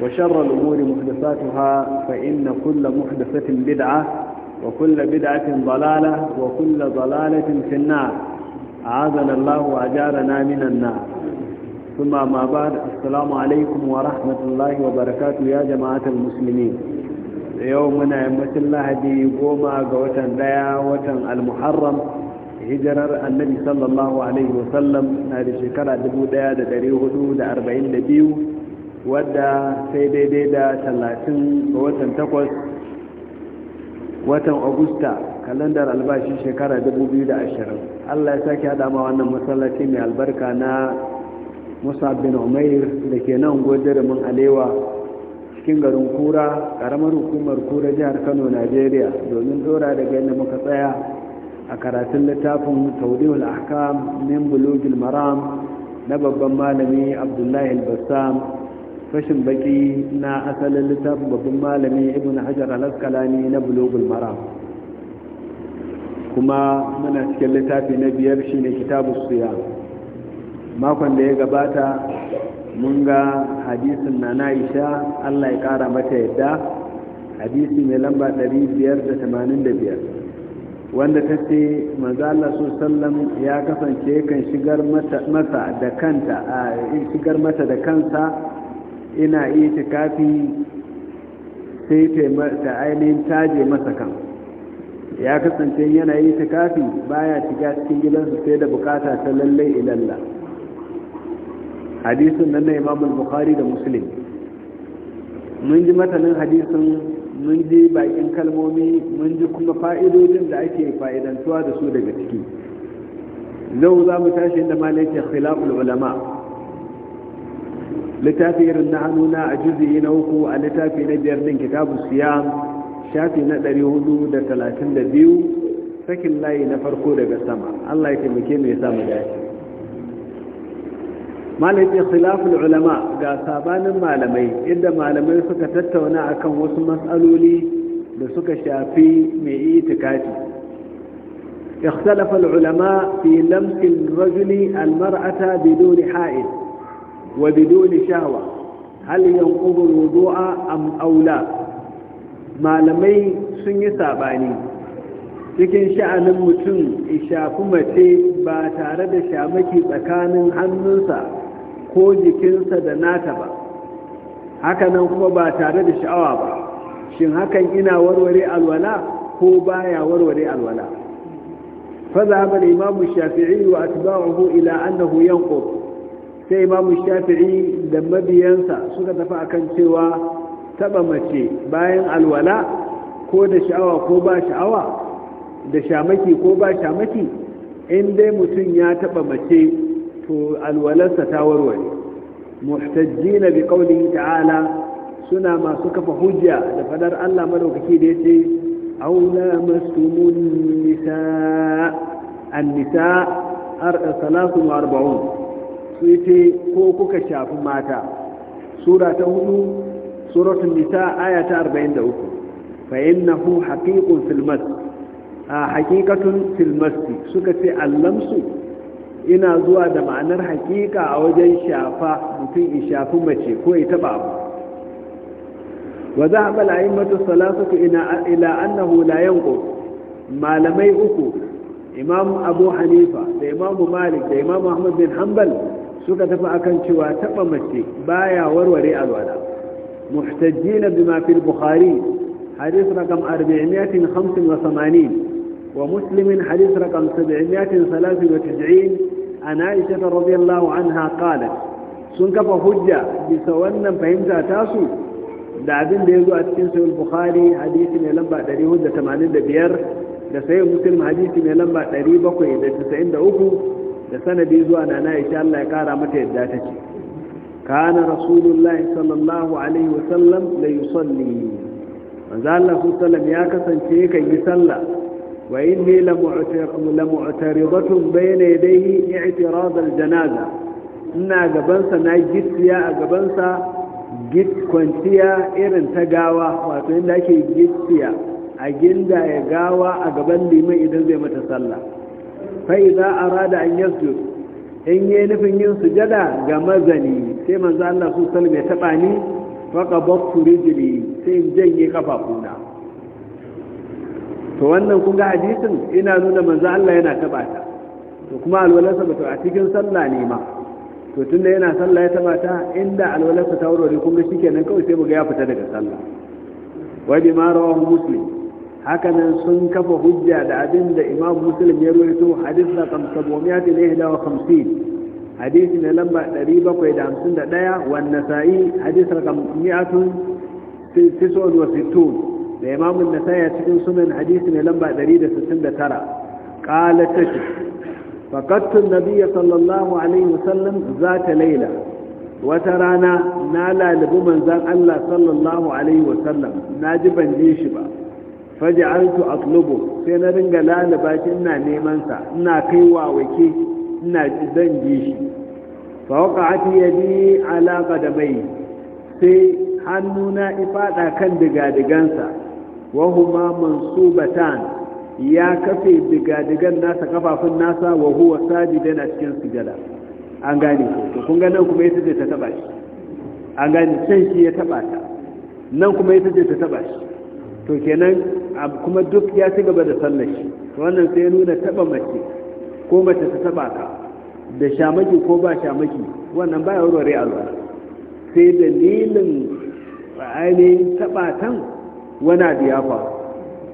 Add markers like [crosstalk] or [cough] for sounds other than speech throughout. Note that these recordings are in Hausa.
وشر الأمور محدثاتها فإن كل محدثة بدعة وكل بدعة ضلالة وكل ضلالة في النار أعاذنا الله وأجارنا من النار ثم ما بعد السلام عليكم ورحمة الله وبركاته يا جماعة المسلمين يومنا يمت الله دي قوما قوتا ديا وتا المحرم هجر النبي صلى الله عليه وسلم هذه annabi sallallahu alaihi wasallam na da shekara 1442 wadda sai daidai da talatin ga watan takwas watan agusta kalandar albashi shekara da ashirin. allah ya sake haɗa ma wannan masallaci mai albarka na musa bin umair da ke nan godirin alewa cikin garin kura karamar hukumar kura jihar kano najeriya domin dora daga yadda muka tsaya a karatun littafin Taurin ahkam min bulugil maram na babban malami abdullahi albassam fashin baki na asalin littafin babban malami ibn hajar al-asqalani na bulogul Mara kuma muna cikin littafi na biyar shine kitabu suya makon da ya gabata mun ga hadisin na na'isha allah ya kara mata yadda hadisi mai lamba 585 wanda ta ce Allah su sallam ya kasance kan shigar mata da kanta shigar mata da kansa ina kafi sai ta ainihin taje masa kan ya kasance yana tikafi baya shiga cikin gidansu sai da bukata ta lallai ilalla hadisun nan na imamul bukhari da muslim mun ji matanin hadisun mun ji bakin kalmomi mun ji kuma fa'idodin da ake fa'idantuwa da su daga ciki zau za mu tashi inda malaita khilaful ulama littafi irin na hannuna a juzi na uku a littafi na biyar din kitabu siyam shafi na ɗari hudu da talatin da biyu sakin layi na farko daga sama allah ya taimake mai samu dace malai khilaful ulama ga sabanin malamai inda malamai suka tattauna akan wasu matsaloli da suka shafi mai itikafi اختلف العلماء في لمس الرجل المرأة بدون حائل وبدون biduni هل hal الوضوء wudu'a am aula malamai sun yi saɓani. cikin sha'anin mutum ishafi mace ba tare da shamaki tsakanin hannunsa ko jikinsa da nata ba hakanan kuma ba tare da sha'awa ba shin hakan ina warware alwala ko baya warware alwala Fa فذهب shafi'i wa وأتباعه ila annahu ينقض sai imamu shafi'i da mabiyansa suka tafi akan cewa taba mace bayan alwala ko da sha'awa ko ba sha'awa da shamaki ko ba shamaki in dai mutum ya taba mace to alwalarsa ta warware na bi qawlihi ta'ala suna masu kafa hujja da fadar Allah madaukaki da ya yace aula mastumun nisa an-nisa ar 43 suite ko kuka shafi mata sura ta hudu suratul nisa aya ta 43 fa innahu haqiqun fil mas a haqiqatun fil mas suka ce allamsu ina zuwa da ma'anar haqiqa a wajen shafa mutum in shafi mace ko ya taba abu wa zahaba al-a'immatu thalathatu ila annahu la yanqu malamai uku imam abu hanifa da imam malik da imam ahmad bin hanbal suka tafi akan cewa taba mace baya warware alwala muhtajjina bima fil bukhari hadith rakam 485 wa muslim hadith rakam 793 an aisha radhiyallahu anha qalat sun kafa hujja bisa wannan fahimta tasu da abin da zo a cikin sahih bukhari hadith ne lamba 185 da sahih muslim hadith ne lamba 793 da sanadi zuwa na na isha Allah ya kara mata yadda ta ce kana rasulullahi sallallahu alaihi wa sallam la yusalli manzo Allah sallam ya kasance kan yi sallah wa inni la mu'taridatun bayna yadayhi i'tirad al-janaza ina gaban sa na gitsiya a gaban sa git kwanciya irin ta gawa wato inda ake gitsiya a ginda ya gawa a gaban liman idan zai mata sallah فإذا أراد أن يسجد إن ينفن ينسجد غمزني سيما زال الله صلى الله عليه وسلم يتبعني فقبضت رجلي سيم جني kafafuna. to wannan kun ga hadisin ina nuna manzo Allah yana taba ta to kuma alwalarsa ba to a cikin sallah ne ma to tunda yana sallah ya taba ta inda alwalarsa ta wurare kun ga shikenan kawai sai mu ga ya fita daga sallah wa bi ma rawahu muslim hakanan sun kafa hujja da abin da imam muslim ya ruwaito hadis na kamsabomiyat ilaihi wa khamsin hadis na lamba 751 wan nasa'i hadis na kamsabomiyatun tisun wa sittun da imam nasa'i a cikin sunan hadis na lamba 169 qala tashi فقدت النبي صلى الله عليه وسلم ذات ليلة وترانا نالا لبمن ذا الله صلى الله عليه وسلم ناجبا جيشبا faj'altu atlubu sai na dinga lalaba shi ina neman sa ina kai wa wake ina zan ji shi fa waqa'ati yadi ala qadamai sai hannuna ifada kan sa wa huma mansubatan ya kafe digadigan nasa kafafun nasa wa huwa sajidan a cikin sujada an gane to kun ga nan kuma yace ta taba shi an gane sai shi ya taba ta nan kuma yace ta taba shi to kenan kuma duk ya ci gaba da sallar shi wannan sai nuna taba mace ko mace ta taba ka da shamaki ko ba shamaki wannan baya warware Allah sai dalilin ainihin taba tan wani biyafa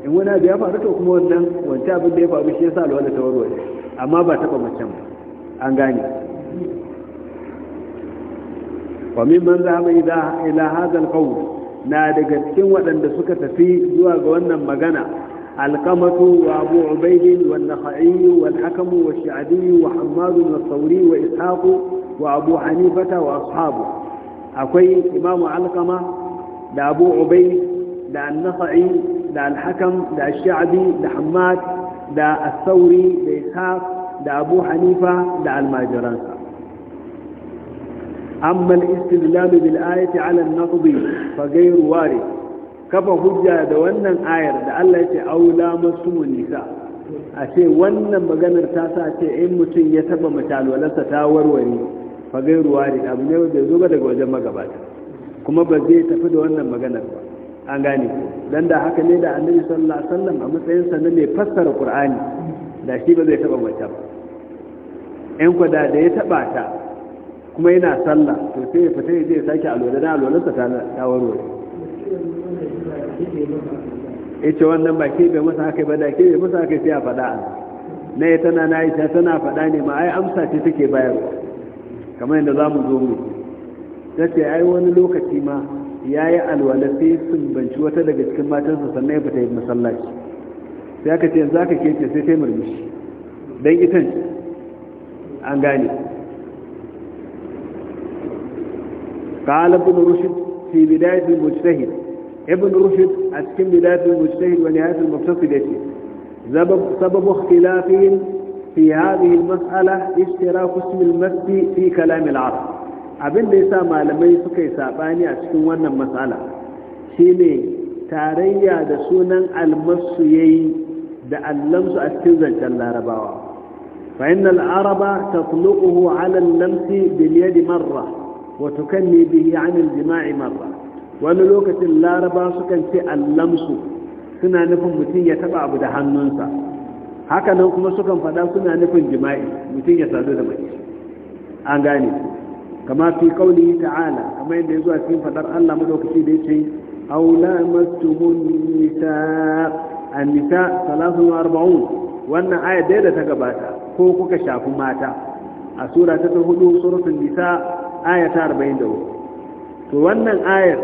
in wani biyafa da to kuma wannan wancan abin da ya faru shi yasa alwala ta warware amma ba taba mace ba an gane mimman من ذهب ila hadal qawl na daga cikin waɗanda suka tafi zuwa ga wannan magana alkamatu wa abu ubaidin wa nakhai wa hakamu wa sha'abi wa hammadu wa sauri wa ishaqu wa abu hanifata wa ashabu akwai imamu alkama da abu ubaid da an-nakhai da al-hakam da ash-sha'bi da hammad da as-sauri da ishaq da abu hanifa da almajiransa أما الاستدلال بالآية على النقض فغير وارد كفى حجة دوانا آية دا الله يتي أولى مسلم النساء أتي وانا مغانا تاسا أتي إن متن يتبى مشال ولا تتاور وري فغير وارد أبو نيو دا زوغا دا قوجة مغبات كما بزي تفد وانا مغانا an gane dan da haka ne da annabi sallallahu alaihi wasallam a matsayin sa na mai fassara qur'ani da shi ba zai taba mace ba in ku da ya taba ta kuma yana sallah to sai ya fita ya ya sake alwala da alwalarsa ta ta warware ya ce wannan ba ke bai masa haka ba da ke bai masa haka sai a faɗa na ya tana na aisha tana faɗa ne ma ai amsa ce take bayar. kamar yadda za mu zo mu ta ce ai wani lokaci ma ya yi alwala sai banci wata daga cikin matansa sannan ya fita yi masallaci sai aka ce yanzu aka kece sai ta yi murmushi don itan an gane قال ابن رشد في بداية المجتهد ابن رشد أتم بداية المجتهد ونهاية المفتصلة سبب سبب اختلافهم في هذه المسألة اشتراك اسم المسجد في كلام العرب أبن ليس ما لم يسك يساباني أسكن وانا المسألة شيني تاريا دسونا المسجد دا اللمس أسكن ذلك الله فإن العرب تطلقه على اللمس باليد مرة kan ne bihi anil jima'i marra wani lokacin laraba sukan ce allamsu suna nufin mutum ya taba abu da hannunsa Hakanan kuma sukan faɗa suna nufin jima'i mutum ya sadu da mace an gane kama fi kauli ta'ala kama yadda ya zuwa cikin faɗar Allah madaukaki da yace aw lamastumun nisa an-nisa 43 wannan aya da ta gabata ko kuka shafi mata a sura ta 4 suratul nisa aya ta wuri, to wannan ayar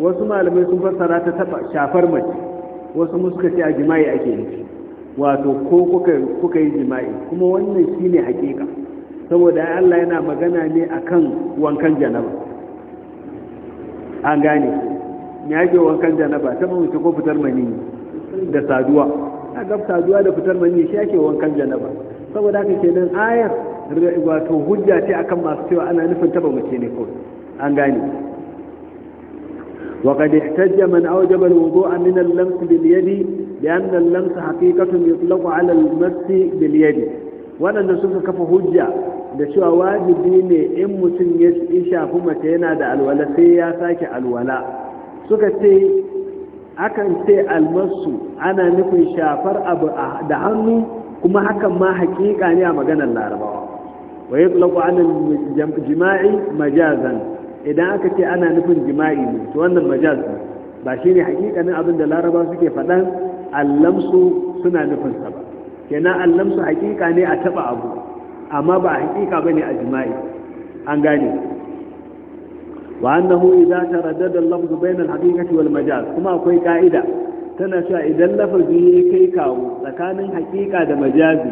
wasu malamai sun fassara ta taɓa shafar mace wasu muska ce a jima'i ake nufi wato ko kuka yi jima'i kuma wannan shine hakika saboda Allah yana magana ne akan wankan janaba an gane me yake wankan janaba ta mace ko fitar maniyyi da saduwa a gab saduwa da fitar maniyyi shi yake wankan janaba saboda haka kenan ayar wato hujja ce akan masu cewa ana nufin taba mace ne kawai an gane وقد احتج من أوجب الوضوء من اللمس باليد لأن اللمس حقيقة يطلق على المس باليد وانا نسوك da cewa wajibi ne in mutum ya shafi mace yana da alwala sai ya sake alwala suka ce akan ce almasu ana nufin shafar abu da hannu kuma hakan ma hakika ne a maganar larabawa wa yutlaqu jima'i majazan idan aka ce ana nufin jima'i ne to wannan majaz ne ba shine hakikanin abin da laraba suke faɗan allamsu suna nufin sa ba kenan allamsu hakika ne a taba abu amma ba hakika bane a jima'i an gane وأنه إذا تردد اللفظ بين الحقيقة والمجاز كما أقول قائدة تنشأ إذا اللفظ يكيكاو لكان حقيقة دا مجازي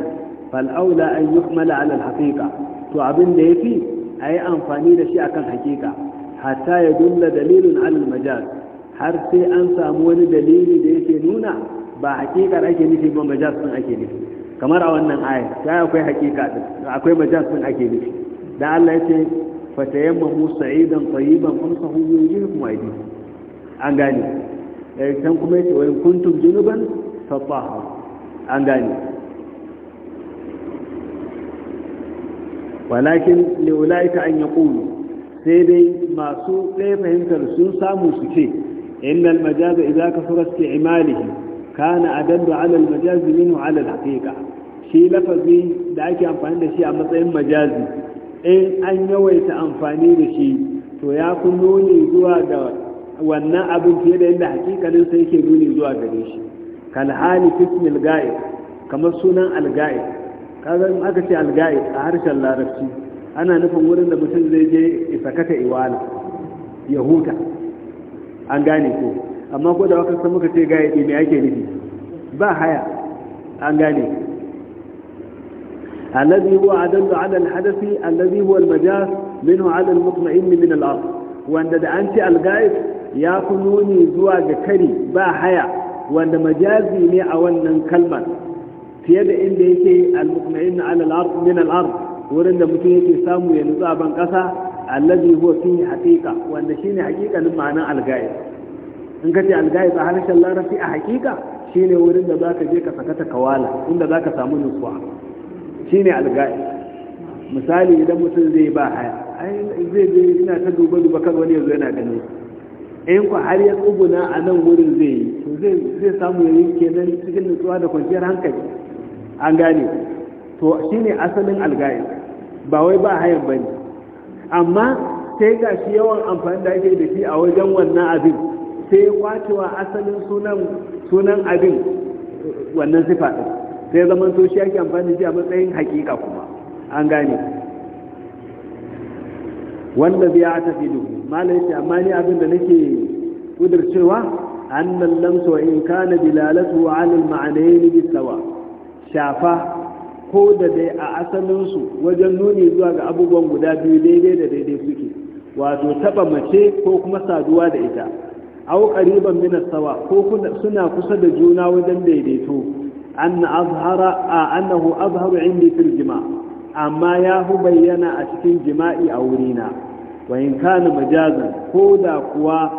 فالأولى أن يحمل على الحقيقة to abin da yafi a yi amfani da shi akan hakika hatta ya dulla dalilin alal majaz har sai an samu wani dalili da yake nuna ba hakikar ake nufi ba majaz din ake nufi kamar a wannan aya sai akwai hakika din akwai majaz din ake nufi da Allah ya ce fatayammamu sa'idan tayyiban famsahu bi wujuhikum aydikum an gane Sai eh, kuma yace wa in kuntum junuban fatahharu an gane walakin liulaika an yaqulu sai dai masu ɗaya fahimtar sun samu su ce innal majaza idza kasura isti'malihi kana adallu ala al majazi minhu ala al haqiqa shi lafazi da ake amfani da shi a matsayin majazi in an yawaita amfani da shi to ya fi nuni zuwa ga wannan abin fiye da yadda hakikalin sai yake nuni zuwa gare shi kalhali fismil ga'ib kamar sunan al-ga'ib kaga in aka ce alga'i a harshen larabci ana nufin wurin da mutum zai je sakata iwala ya huta an gane ko amma ko da waka san muka ce ga'i me ake nufi ba haya an gane الذي هو عدل على الحدث الذي هو المجاز منه على المطمئن Wanda da an ce الغائب ya fi nuni zuwa ga kari ba haya wanda majazi ne a wannan kalmar fiye da inda yake al-muqmin ala al-ard min al-ard wurin da mutum yake samu ya nutsa ban kasa allazi huwa fi haqiqa wanda shine haqiqanin ma'anan al-ghaib in kace al-ghaib a harshen larabci a haqiqa shine wurin da zaka je ka sakata kawala inda zaka samu nutsuwa shine al-ghaib misali idan mutum zai ba haya ai zai je ina ta duba duba kan wani yanzu yana gani in ku har ya tsuguna a nan wurin zai yi to zai samu yayin kenan cikin nutsuwa da kwanciyar hankali an gane to shine asalin algayin ba wai ba hayan bane amma sai ga shi yawan amfani da ake da shi a wajen wannan abin sai kwacewa asalin sunan abin wannan sifa ɗin sai zaman to shi ake amfani da shi a matsayin hakika kuma an gane wanda zai a tafi duk malai ce amma ni abin da nake kudircewa annan lamsa in kana wa ala al-ma'anayn bisawa shafa ko da dai a asalinsu wajen nuni zuwa ga abubuwan guda biyu daidai da daidai suke wato taba mace ko kuma saduwa da ita au qariban min sawa ko suna kusa da juna wajen daidaito anna azhara a annahu azharu indi fil jima' amma ya fi bayyana a cikin jima'i a wurina wa in kana majazan ko da kuwa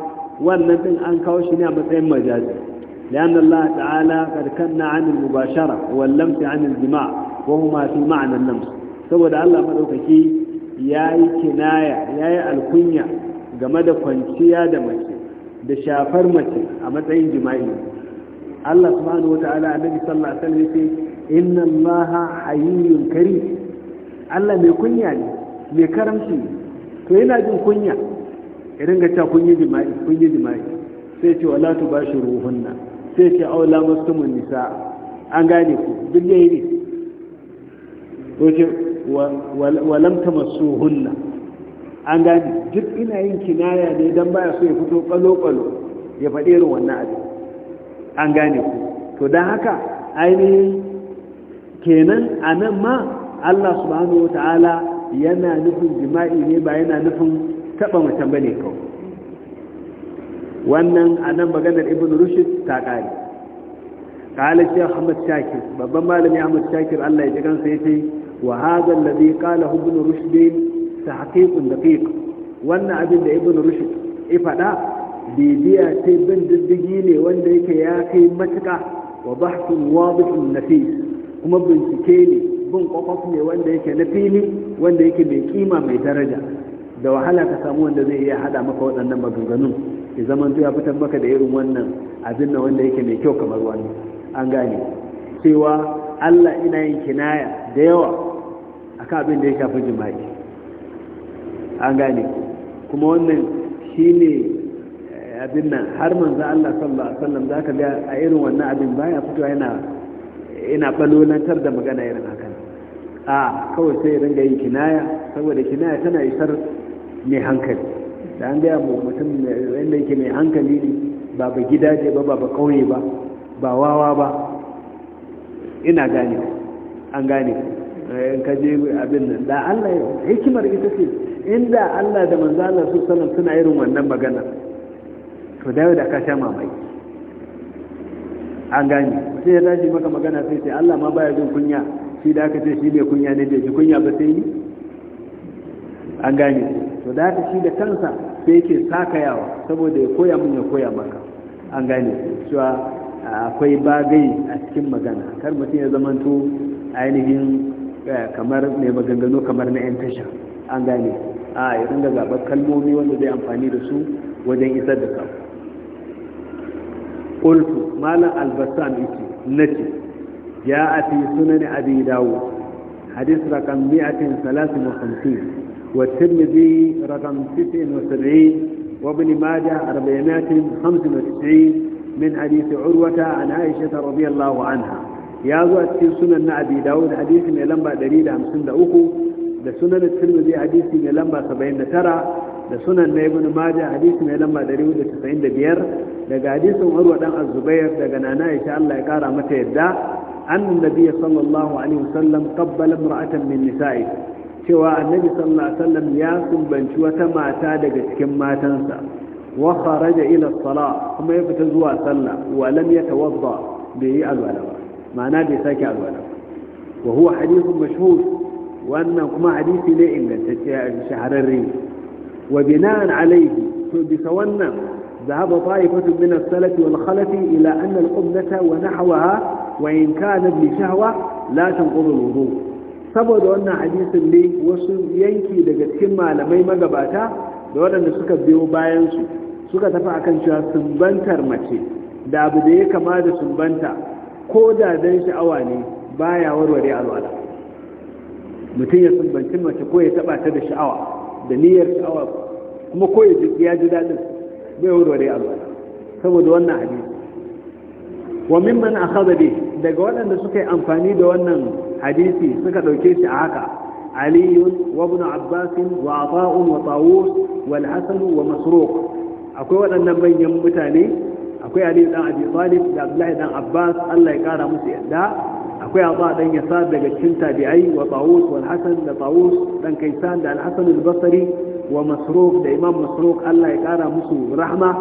wannan din an kawo shi ne a matsayin majazi لأن الله تعالى قد كنا عن المباشرة واللمس عن الجماع وهما في معنى اللمس سود الله مدوكي ياي كناية ياي الكنية game da kwanciya da shafar mace a matsayin jima'i Allah subhanahu wata'ala annabi sallallahu alaihi wasallam yace Allah mai kunya ne mai karamci ne to yana jin kunya idan ga ta kunyi jima'i kunyi jima'i sai ce ruhun nan sai ce aula muslimun nisa an gane ku duk yayi ne to ce wa lam tamassuhunna an gane duk ina yin kinaya ne dan baya so ya fito kalo kalo ya faɗi irin wannan abin an gane ku to dan haka ainihin kenan a nan ma Allah subhanahu wa ta'ala yana nufin jima'i ne ba yana nufin taɓa mutum bane kawai wannan anan maganar ibn rushd ta kare qala ahmad shakir babban malami ahmad shakir Allah ya ji kansa ce wa hadha alladhi qala ibn rushd tahqiqun daqiq wannan abin da ibn rushd ya fada bibiya ce bin diddigi ne wanda yake ya kai matuka wa bahthun wadihun nafis kuma bincike ne bin kwakwaf ne wanda yake na fili wanda yake mai kima mai daraja da wahala ka samu wanda zai iya hada maka waɗannan maganganun ya zama ya fitar maka da irin wannan abin na wanda yake mai kyau kamar wani an gane cewa Allah ina yin kinaya da yawa a ka abin da ya shafi jima'i an gane kuma wannan shi ne eh, abin nan har manzan Allah sallallahu alaihi wasallam zaka ga a irin wannan abin baya fitowa yana yana da magana irin haka a kawai sai ringa yin kinaya saboda kinaya tana isar mai hankali da an gaya mu mutum wanda yake mai hankali ne ba ba gidaje ba ba ba kauye ba ba wawa ba ina gane an gane eh, in ka je abin nan da Allah hikimar ita ce inda Allah da manzo Allah su sallam suna irin wannan magana to da yau da ka sha mamaki an gane sai ya tashi maka magana sai sai Allah ma baya jin kunya shi da aka ce shi mai kunya ne bai ji kunya ba sai ni an gane to da shi da kansa sai yake yawa saboda ya koya mun ya koya maka an gane cewa akwai bagai a cikin magana kar mutum ya zamanto ainihin eh, kamar mai maganganu kamar na 'yan tasha an gane a ya dinga zaɓar kalmomi wanda zai amfani da su wajen isar da sa ƙultu malam albasan yake na ce ya a fi sunan abi dawo hadis rakam mi'atin والترمذي رقم 76 وابن ماجه 495 من حديث عروة عن عائشة رضي الله عنها يا ذو أتكين سنن أبي داود حديث من لمبا دليل همسن دأوكو da sunan tirmidhi hadisi mai lamba 79 da sunan na ibn majah hadisi mai lamba 195 daga hadisin urwa ɗan az-zubair daga nana aisha Allah ya kara mata yadda annabi sallallahu alaihi wasallam qabbala imra'atan min nisa'i cewa annabi sallallahu alaihi wasallam ya kumbanci wata mata daga cikin matansa wa kharaja ila salat kuma ya fita zuwa sallah wa lam yatawadda bi alwala ma'ana bai saki alwala wa huwa hadithun mashhur wannan kuma hadisi ne ingantacce a shahararre wa bina'an alayhi to bisa wannan ذهب طائفة من السلف والخلف إلى أن القبلة ونحوها وإن كانت لشهوة لا تنقض الوضوء saboda wannan hadisin ne wasu yanki daga cikin malamai magabata da waɗanda suka biyo bayansu suka tafi akan cewa sumbantar mace da abu da ya kama da sumbanta ko da dan sha'awa ne baya warware alwala mutum ya sumbanci mace ko ya taba ta da sha'awa da niyyar sha'awa kuma ko ya ji ya ji dadin bai warware alwala saboda wannan hadisi wa mimman akhadha daga waɗanda suka yi amfani da wannan hadisi suka dauke shi a haka ali wa ibn wa wa tawus wal wa masruq akwai waɗannan manyan mutane akwai aliyu dan abi talib da abdullahi dan abbas Allah ya kara musu yadda akwai aba dan yasa daga cikin tabi'ai wa tawus wal hasan da tawus dan kaisan da al hasan al basri wa masruq da imam masruq Allah ya kara musu rahma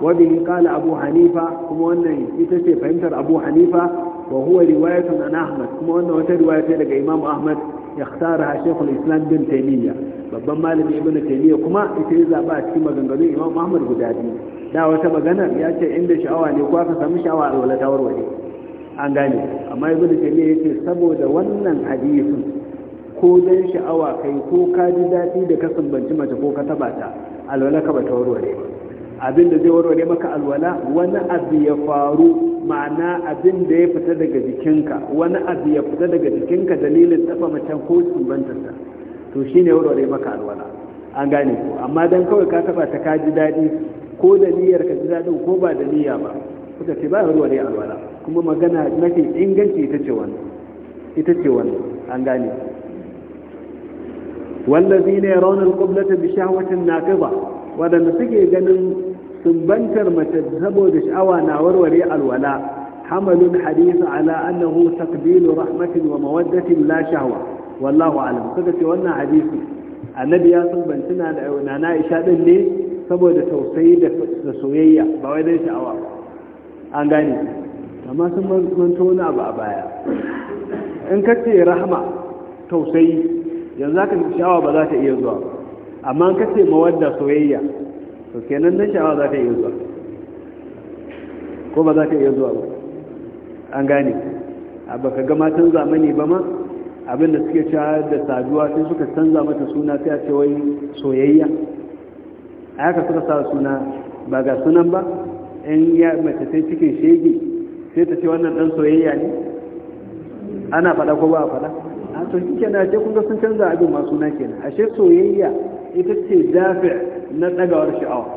wa bihi qala abu hanifa kuma wannan ita ce fahimtar abu hanifa wa huwa riwayatun an ahmad kuma wannan wata riwaya ce daga imam ahmad yakhtaraha shaykhul islam bin taymiya babban malami ibn taymiya kuma ita ya zaba a cikin maganganun imam ahmad guda biyu da wata magana ya ce inda sha'awa ne ko aka samu sha'awa a wala tawarware an gane amma ibn taymiya yace saboda wannan hadisin ko dan sha'awa kai ko ka ji daɗi da ka sambanci mace ko ka taba ta alwala ka ba Abin da zai warware maka alwala wani abu ya faru ma'ana abin da ya fita daga jikinka wani abu ya fita daga jikinka dalilin taba macen ko sumbantarsa to shine warware maka alwala an gane ko amma dan kawai ka taba ta ka ji daɗi ko da niyyar ka ji daɗin ko ba da niyya ba kuka ce ba warware alwala kuma magana mafi inganci ita ce wannan ita ce wannan an gane wallazina yarawna alqiblata bi na gaba wadanda suke ganin sumbantar mace saboda sha'awa na warware alwala Hamalu, hadisu ala annahu taqbilu rahmatin wa mawaddatin la shahwa wallahu alam ce wannan hadisi annabi ya sumbanci na da na Aisha din ne saboda tausayi da soyayya ba wai dai sha'awa an gane amma sun manto wani abu a baya in ka ce rahama tausayi yanzu ka sha'awa ba za ta iya zuwa amma in ka ce mawadda soyayya to kenan nan sha'awa za ka iya zuwa ko ba za ka iya zuwa ba an gane a baka ga matan zamani ba ma abinda suke cewa da saduwa sai suka canza mata suna sai a ce wai soyayya a haka suka sa suna ba ga sunan ba in ya mace sai cikin shege sai ta ce wannan dan soyayya ne ana faɗa ko ba a faɗa a to shi kenan ashe kun ga sun canza abin ma suna kenan ashe soyayya ita ce dafi na dagawar sha'awa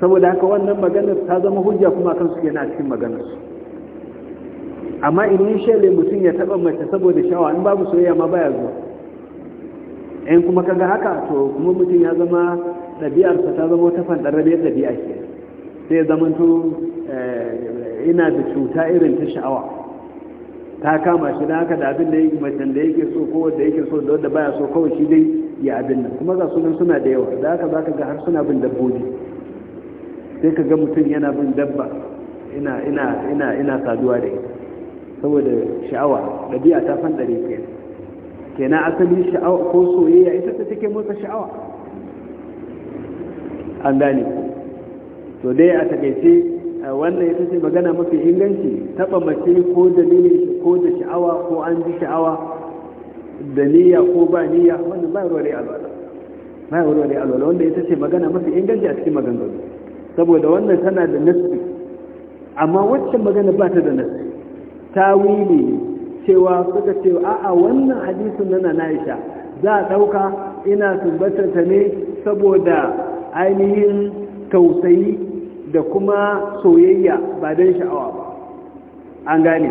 saboda haka wannan maganar ta zama hujja kuma kan su yana cikin maganarsu amma in yi shele mutum ya taba mace saboda sha'awa in babu soyayya ma baya zuwa in kuma kaga haka to kuma mutum ya zama ɗabi'arsa ta zama wata fanɗarrabiyar ɗabi'a ke sai zamanto eh, ina da cuta irin ta sha'awa ta kama shi da haka da abin da yake macen da yake so ko wanda yake so da wanda baya so kawai shi dai ya abin nan kuma ga sunan suna da yawa da haka za ka ga har suna bin dabbobi sai ka ga mutum yana bin dabba ina ina ina ina saduwa da ita saboda sha'awa ɗabi'a ta fandare ke kenan asali sha'awa ko soyayya ita ta take motsa sha'awa an gane to dai a takaice wannan ita ce magana mafi inganci taɓa mace ko dalilin ko da sha'awa ko an ji sha'awa da niyya ko ba niyya wannan ba ruwa da alwala ba ruwa da alwala wanda ita ce magana mafi inganci a cikin maganganu saboda wannan tana da nasbi amma wacce magana ba ta da nasbi tawili wili cewa suka ce a'a wannan hadisin na Aisha za a dauka ina tabbatar ta ne saboda ainihin tausayi da kuma soyayya ba don sha'awa ba an gane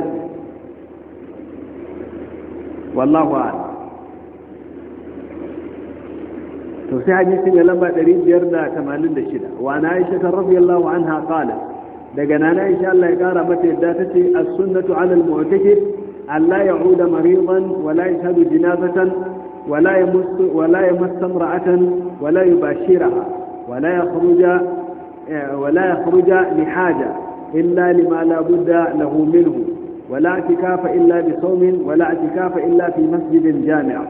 wallahu a'lam to sai hadisi mai lamba 586 wa na aisha ta radiyallahu anha qalat daga nana aisha Allah ya kara mata yadda tace as-sunnatu 'ala al-mu'takif alla ya'uda maridan wa la yashhadu jinazatan wa la yamuss wa la yamass imra'atan wa la yubashiraha wa la yakhruja eh, wa la yakhruja li haja illa lima la budda lahu minhu ولا اعتكاف إلا بصوم ولا اعتكاف إلا في مسجد جامع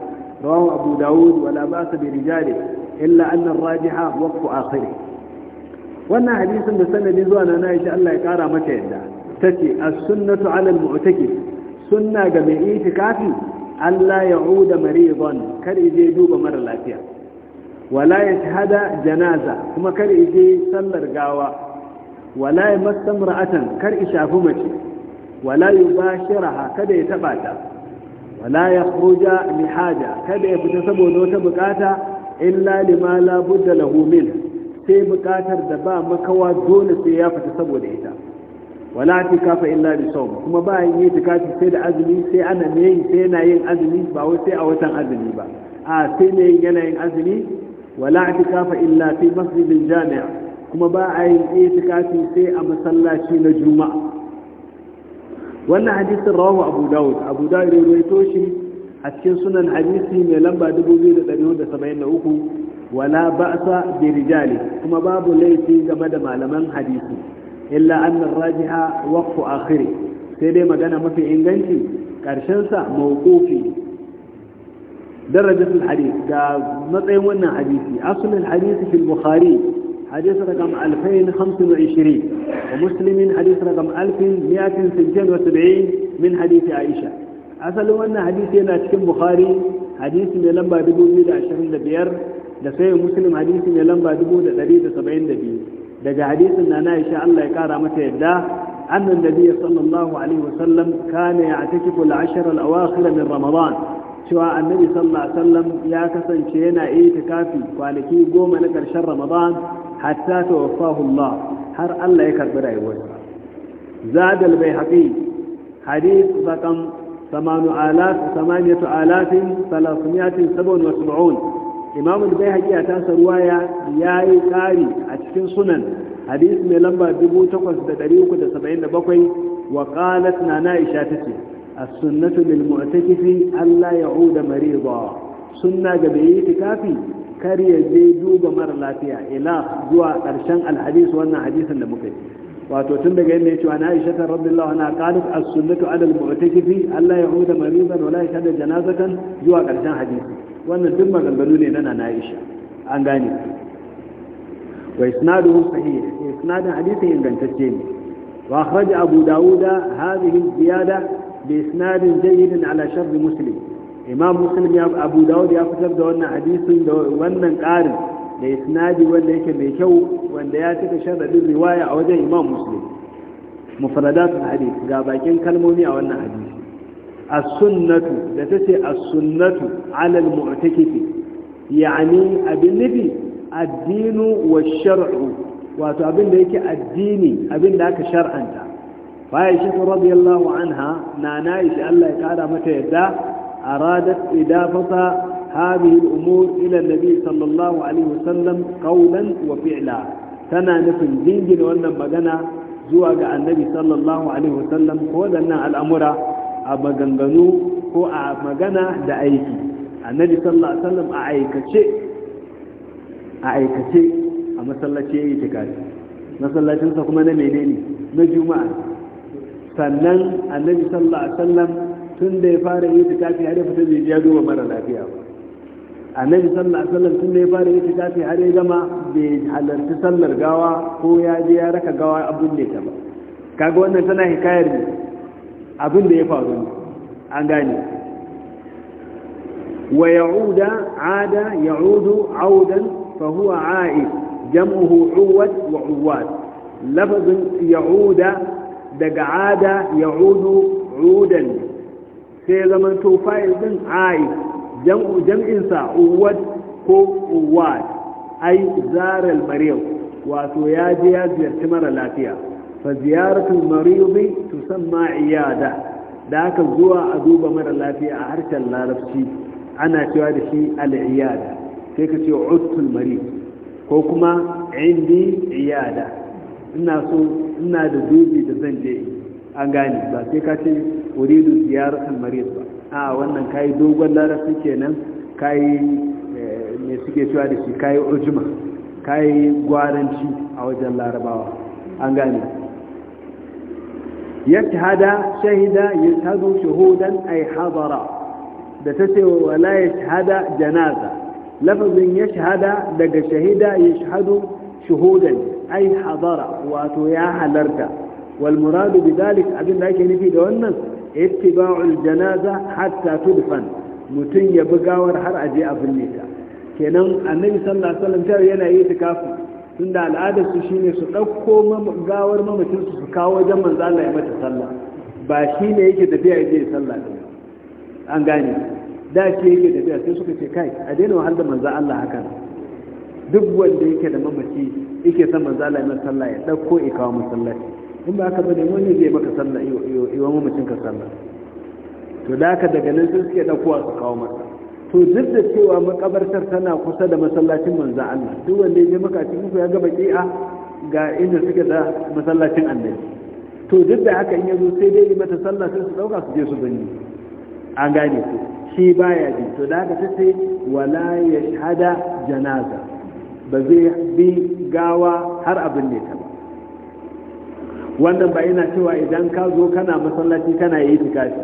رواه أبو داود ولا بأس برجاله إلا أن الراجح وقف آخره وأن حديث بسنة نزوانا نائشة الله يقارى متى تتي السنة على المعتكف سنة جميعي تكافي ألا يعود مريضا كان يجي يدوب مرة لاتيا ولا يشهد جنازة كما كان يجي سلر قاوة ولا يمس امرأة كان يشافه مشي wala yubashiraha kada ya taba ta wala yakhruja li haja kada ya fita saboda wata bukata illa lima la budda lahu min sai bukatar da ba makawa dole sai ya fita saboda ita wala kafa illa bi sawm kuma ba yin itikafi sai da azumi sai ana ne yin sai yana yin azumi ba wai sai a watan azumi ba a sai ne yin yana yin azumi wala itikafa illa fi masjidil jami'a kuma ba a yin itikafi sai a masallaci na juma'a wannan hadisin rawahu abu dawud abu dawud ya rawaito shi a cikin sunan hadisi mai lamba 2473 wala ba'sa bi rijali kuma babu laifi game da malaman hadisi illa anna rajiha waqfu akhiri sai dai magana mafi inganci karshen sa mawqufi darajatul hadith ga matsayin wannan hadisi aslul hadisi fil bukhari حديث رقم 2025 ومسلم حديث رقم 1176 من حديث عائشة أصل أن حديثنا تكون بخاري حديث من لمبا دبو ميدا عشرين دبير دسي مسلم حديث من لمبا دبو دريد سبعين دبير دجا حديث أن عائشة الله يكارا متى يداه أن النبي صلى الله عليه وسلم كان يعتكف العشر الأواخر من رمضان cewa annabi sallallahu alaihi wasallam ya kasance yana itikafi kwanaki goma na ƙarshen ramadan hatta tawaffahu Allah har Allah ya karɓi rayuwarsa zadal bai haƙi hadith rakam samanu alaf samaniyatu alafin salasumiyatin sabon wasu sab'un imam bai haƙi a tasa ruwa ya yi ƙari a cikin sunan hadith mai lamba 8377 wa qalat nana aisha tace as-sunnatu lil mu'takifi alla ya'uda marida sunna ga yi itikafi kar ya je duba mara lafiya ila zuwa ƙarshen alhadis wannan hadisin da muka yi wato tun daga yadda ya ce ana aisha ta rabbi Allah ana qalat as-sunnatu 'ala al-mu'takifi Allah yahuda maridan wala yashhadu janazatan zuwa ƙarshen hadisi wannan duk maganganu ne na Aisha an gane wa isnaduhu sahih isnadin hadisin ingantacce ne wa akhraj Abu Dawud hadhihi ziyada bi isnadin jayyidin ala sharri Muslim imam muslim ya abu dawud ya fitar da wannan hadisin da wannan ƙarin da isnadi wanda yake mai kyau wanda ya cika sharadin riwaya a wajen imam muslim mufradatul hadith ga bakin kalmomi a wannan hadisi as-sunnatu da tace as-sunnatu 'ala al-mu'takifi yani abin nufi addinu wa shar'u wato abin da yake addini abin da aka shar'anta fa aisha radiyallahu anha na na Allah ya kara mata yadda أرادت إضافة هذه الأمور إلى النبي صلى الله عليه وسلم قولا وفعلا تنا نفن دينجل وأن مغنى زواج النبي صلى الله عليه وسلم هو الأمر أبغنغنو هو مغنى دعيكي annabi sallallahu alaihi wasallam a aikace a aikace a masallaci yayi tikari masallacinsa kuma na menene na juma'a sannan annabi sallallahu alaihi wasallam tun da ya fara yi tikafi har ya fita duba mara lafiya ba annabi sallallahu alaihi wasallam tun da ya fara yi tikafi har ya gama bai halarci sallar gawa ko ya je ya raka gawa abin da ya ba kaga wannan tana hikayar ne abin da ya faru an gane wa ya'uda ada ya'udu audan fa huwa a'id jam'uhu uwat wa uwat lafazin ya'uda daga ada ya'udu udan sai ya zama to fa'il din ai jam'insa uwat ko uwat ai zaral Maryam wato ya je ya ziyarci mara lafiya fa ziyaratul mariyudi tusamma iyada da aka zuwa a duba mara lafiya a harshen larabci ana cewa da shi al'iyada sai ka ce uttul mariyud ko kuma indi iyada ina so ina da dubi da zan je an gane ba sai ka ce uridu ziyaratan marid ba a wannan kai dogon larabci kenan kai eh, me suke cewa da shi kai ujma kai gwaranci a wajen larabawa an gane shahada shahida yashhadu a yi hadara da ta ce wala shahada janaza lafazin yashhada daga shahida yashhadu a yi hadara wato ya halarta wal muradu bidalik abin da ake nufi da wannan ittiba'ul janaza hatta tudfan mutum ya bi gawar har aje a binne kenan annabi sallallahu alaihi wasallam yana yi tikafi tunda al'adar su shine su dauko gawar mamacin su kawo wajen manzo ya mata sallah ba shine yake tafiya yaje sallah din an gane da shi yake tafiya sai suka ce kai a daina wahal da Allah duk wanda yake da mamaci yake son manzo Allah ya sallah ya dauko ya kawo masallaci in ba ka bane wani zai maka sallah iwa mamacin ka sallah to da ka daga nan sun suke ɗaukowa su kawo masa to duk da cewa makabartar tana kusa da masallacin manzo Allah duk wanda ya je makacin uku ya ga a ga inda suke da masallacin annabi to duk da haka in ya zo sai dai mata sallah sai su dauka su je su gani an gane ku shi baya bi to da haka ta ce wala ya janaza ba zai bi gawa har abin ne ta ba wannan ba yana cewa idan ka zo kana masallaci kana yi tikafi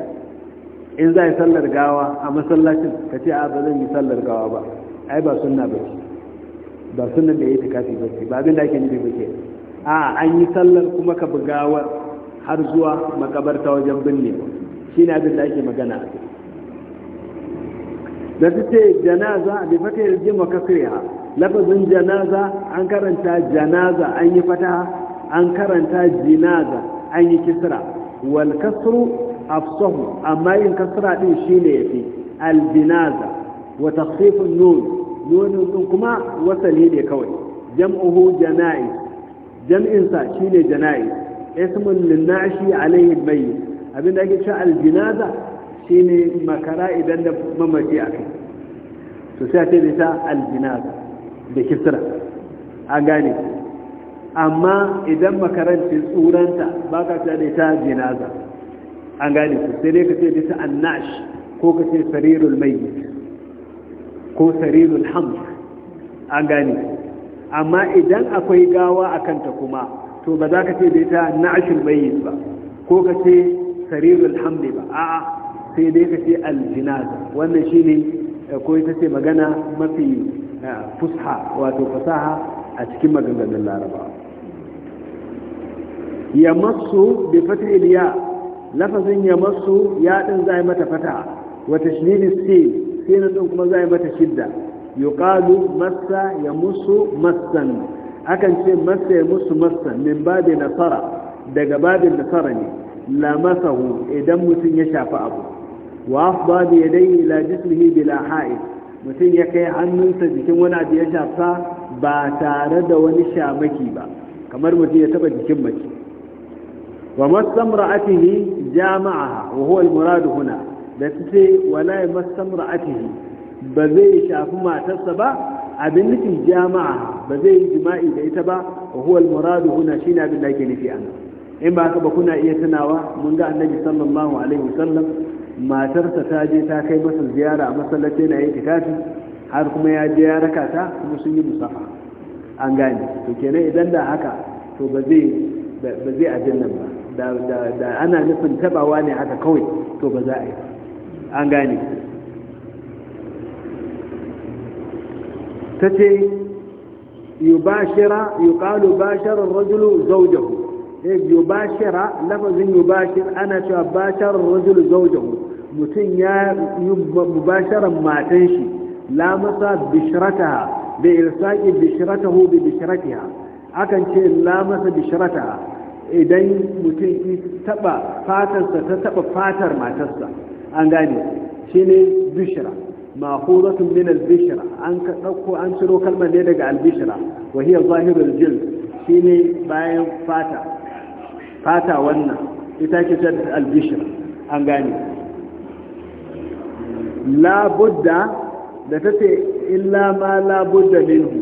in za yi sallar gawa a masallacin ka ce a ba zan yi sallar gawa ba ai ba sunna ba ce ba sunna da yi tikafi ba ce ba abin da ake nufi ba ke a an yi sallar kuma ka bugawa har zuwa makabarta wajen binne shi ne abin da ake magana a da ta ce janaza da fata yarjima kasriha lafazin janaza an karanta janaza an yi fataha an karanta jinaza an yi kisra wal kasru afsahu amma yin kasra din shine yafi al jinaza wa takhfifun nun nun din kuma wasali ne kawai jam'uhu jana'i jam'in sa shine jana'i ismun linnashi alayhi bayyin abinda ake cewa al jinaza shine makara idan da mamaci kai, to sai ta al jinaza da kisra an gane amma idan makarantar tsuranta ba ka ta da ta jinaza an gane su sai dai ka ce bisa annash ko ka ce sarirul mai ko sarirul hamd an gane amma idan akwai gawa a kanta kuma to ba za ka ce dai ta na'ashin mayyit ba ko ka ce sarirul hamd ba a'a sai dai ka ce aljinaza wannan shi ne eh, ko ita ce magana mafi eh, fusha wato fasaha a cikin maganganun larabawa ya masu bi fatil ya lafazin ya masu ya din za mata fata wa tashdid sai na din kuma za mata shidda yuqalu massa ya musu massan akan ce massa ya musu massan min babin nasara daga babin nasara ne masahu idan mutum ya shafa abu wa ya bi yadayhi ila jismihi bila ha'i mutum ya kai hannunsa jikin wani abu ya shafa ba tare da wani shamaki ba kamar mutum ya taba jikin mace wa masamra'atihi jama'aha wa huwa al-murad huna da tace wala masamra'atihi ba zai shafi matarsa ba abin nufi jama'a ba zai yi jima'i da ita ba wa huwa al-murad huna shine abin da yake nufi an in ba haka ba kuna iya tunawa mun ga annabi sallallahu alaihi wasallam matarsa ta je ta kai masa ziyara a masallaci na yin har kuma ya je ya raka ta kuma sun yi musafa an gane to kenan idan da haka to ba zai ba nan ba da ana nufin tabawa ne haka kawai to ba za a yi an gane ta ce yubashira yuqalu bashara rajulu zawjahu eh, yubashira lafazin yubashir ana cewa bashara rajulu zawjahu mutum ya yi mubasharan matan shi lamasa bishrataha bi ilsaqi bishratahu bi bishratiha akan ce lamasa bishrataha idan mutum taba fatarsa ta taba fatar matarsa an gane shi ne bishira ma'khuzatun min albishira an ka dauko an ciro kalmar ne daga albishira, bishra wa hiya zahirul jild shine bayan fata fata wannan ita ce ta al-bishra an gane la budda da tace illa ma la budda minhu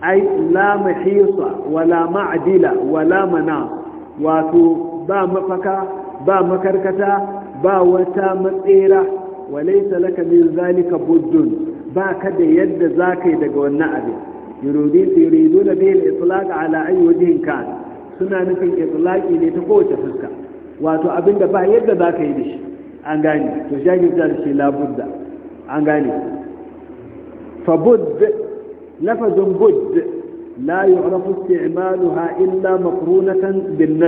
ai la mahisa wala ma'dila wala manas wato ba mafaka ba makarkata ba wata matsera walaisa laka min zalika buddun ba ka da yadda za ka yi daga wannan abin yuridu na bihin itlaq ala ayi ka suna nufin itlaqi ne ta kowace fuska wato abin da ba yadda za ka yi da an gane to jagirta da shi budda an gane fa budd lafazun budd la yu'rafu isti'maluha illa maqrunatan bin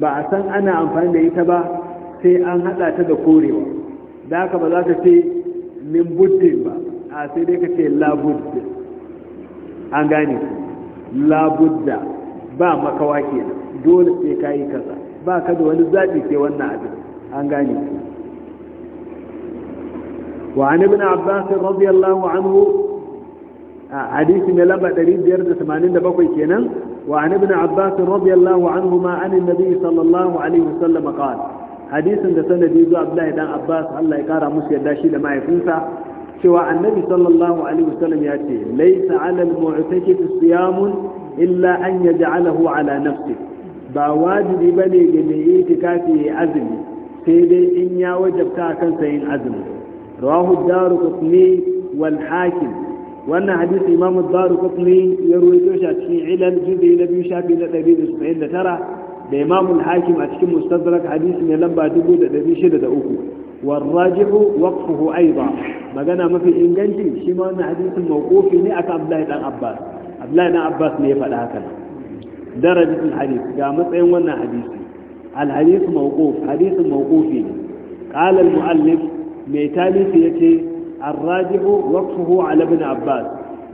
ba a san ana amfani da ita ba sai an hada ta da korewa da haka ba za ka ce min buddin ba a sai dai ka ce la budda an gane la budda ba makawa kenan dole sai ka yi kaza ba ka wani zaɓi sai wannan abin an gane وعن ابن عباس رضي الله عنه hadisi mai lamba 587 kenan wa da sanadi zuwa abdullahi dan abbas Allah ya kara musu yadda da mahaifinsa cewa annabi sallallahu alaihi wasallam ya ce laysa 'ala al 'ala nafsi ba wajibi bane ga mai itikafi ya azumi sai dai in ya wajabta a kansa yin azumi rawahu hakim wannan hadisi imam zaru kutli ya ruwaito shi a cikin ilal jibi na biyu sha biyu na ɗari da sufahin da tara da hakim a cikin mustadrak hadisi mai lamba dubu da ɗari shida da uku warrajihu waqfuhu aiba magana mafi inganci shi ma wannan hadisin mawqufi ne akan abdullahi dan abbas abdullahi dan abbas ne ya faɗa haka darajatul hadith ga matsayin wannan hadisi الحديث موقوف حديث موقوف قال المؤلف ميتالي في يتي arrajihu waqfuhu ala ibn abbas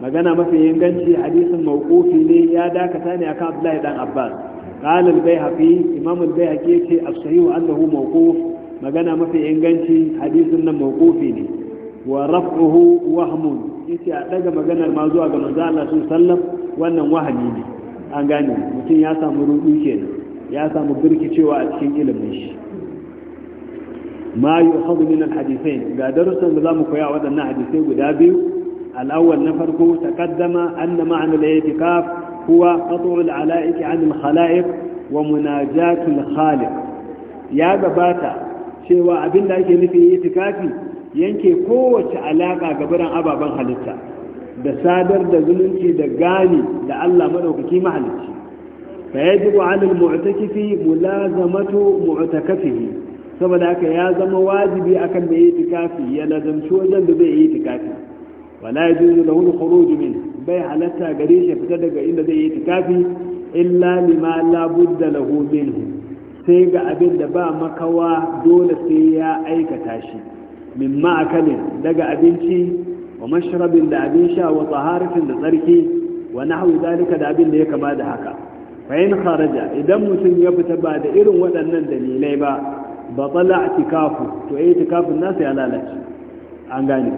magana mafi inganci hadisin mawqufi ne ya dakata ne akan abdullahi dan abbas qala al-baihaqi imam al-baihaqi yace as-sahih annahu mawquf magana mafi inganci hadisin nan mawqufi ne wa raf'uhu wahmun yace a daga maganar ma zuwa ga manzo Allah sallallahu wannan wahami ne an gane mutum ya samu rudu kenan ya samu birkicewa a cikin ilimin shi ma yu'khadhu min al-hadithain ga darussan da zamu koya waɗannan hadisai guda biyu Al'awwal na farko taqaddama anna ma'na al-i'tikaf huwa qat'u al ala'iki, 'an al-khala'iq wa munajatul al ya gabata cewa abinda ake nufi itikafi yanke kowace alaka gabaran ababen halitta da sadar da zumunci da gani da Allah madaukaki mahalicci fa yajibu 'ala mutakifi mulazamatu mu'takafihi saboda haka ya zama wajibi akan da yi tikafi ya lazamci wajen da zai yi tikafi. wala yajuzu lahu khuruj min bai halatta gare shi fita daga inda zai yi tikafi? illa lima la budda lahu minhu sai ga abin da ba makawa dole sai ya aikata shi min ma'akalin daga abinci wa mashrabin da abin sha wa taharatin da tsarki wa nahwi zalika da abin da ya kama da haka fa in kharaja idan mutum ya fita ba da irin waɗannan dalilai ba batala atikafu to eh itikafin nasa ya lalace an gane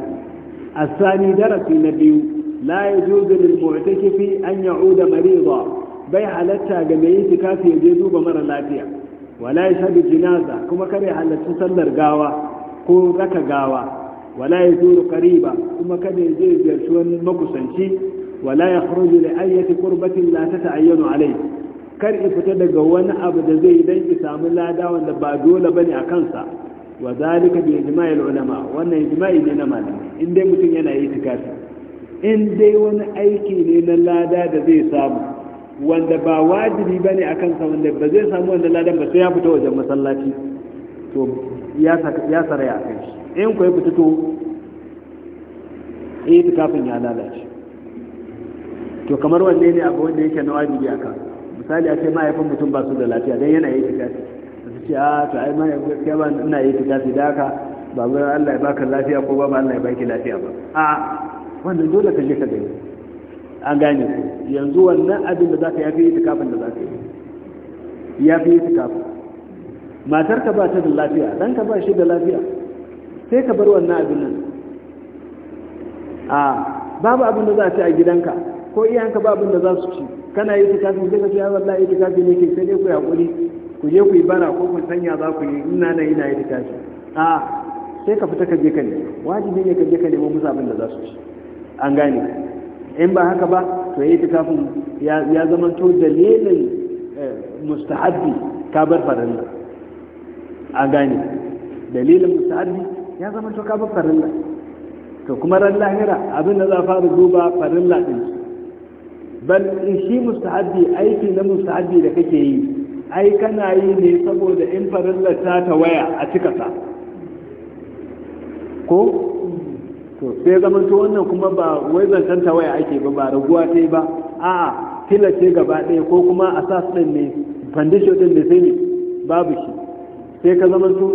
darasi na biyu la yajuzu lil mu'takifi an ya'uda marida bai halatta ga mai itikafi ya je duba mara lafiya wala ya yashhadu jinaza kuma ya halatta sallar gawa ko raka gawa wala ya yazuru qariba kuma kada ya je ziyarci wani makusanci wala yakhruju li ayyati qurbatin la tata'ayyanu alayhi kar in fita daga wani abu da zai dan ki samu lada wanda ba dole bane a kansa wa zalika bi ijma'il ulama wannan ijma'i ne na malamai in dai mutum yana yi tikafi in dai wani aiki ne na lada da zai samu wanda ba wajibi bane a kansa wanda ba zai samu wanda ladan ba sai ya fita wajen masallaci to ya ya saraya a kai in ku fita to yi tikafin ya lalace to kamar wanne ne abu wanda yake na wajibi a kansa misali a ce mahaifin mutum ba su da lafiya dan yana yi tikafi su ce a ah, to ai mahaifin kai ba ina yi tikafi da haka ba zai Allah ya baka lafiya ko ba ba Allah ya baki lafiya ba a wanda dole ka je ka gani an gane ku yanzu wannan abin da za ka yafi tikafin da za ka yi ya fi itikafin matar ka ba ta da lafiya dan ka ba shi da lafiya sai ka bar wannan abin nan a babu abin da za ta a gidanka ko iyanka babu abin da za su ci kana yi tikafi sai ka ce ai wallahi tikafi ne ke sai dai ku hakuri ku je ku yi bara ko ku sanya za ku yi ina na yana yi tikafi a sai ka fita ka je ka ne wajibi ne ka je ka nemo musu abin da za su ci an gane in ba haka ba to yi tikafin ya zama to dalilin eh, mustahabbi ka bar farilla an gane dalilin mustahabbi ya zama to ka bar farilla to kuma ran lahira abin da za a fara duba farilla din bal shi mustahabi aiki na mustahabi da kake yi ai kana yi ne saboda in farillar ta ta waya a cika sa ko to sai zaman to wannan kuma ba wai zancen ta waya ake ba ba raguwa ta ba a'a kila ce gaba ɗaya ko kuma a sa su ne fandisho ɗin ne sai ne babu shi sai ka zaman to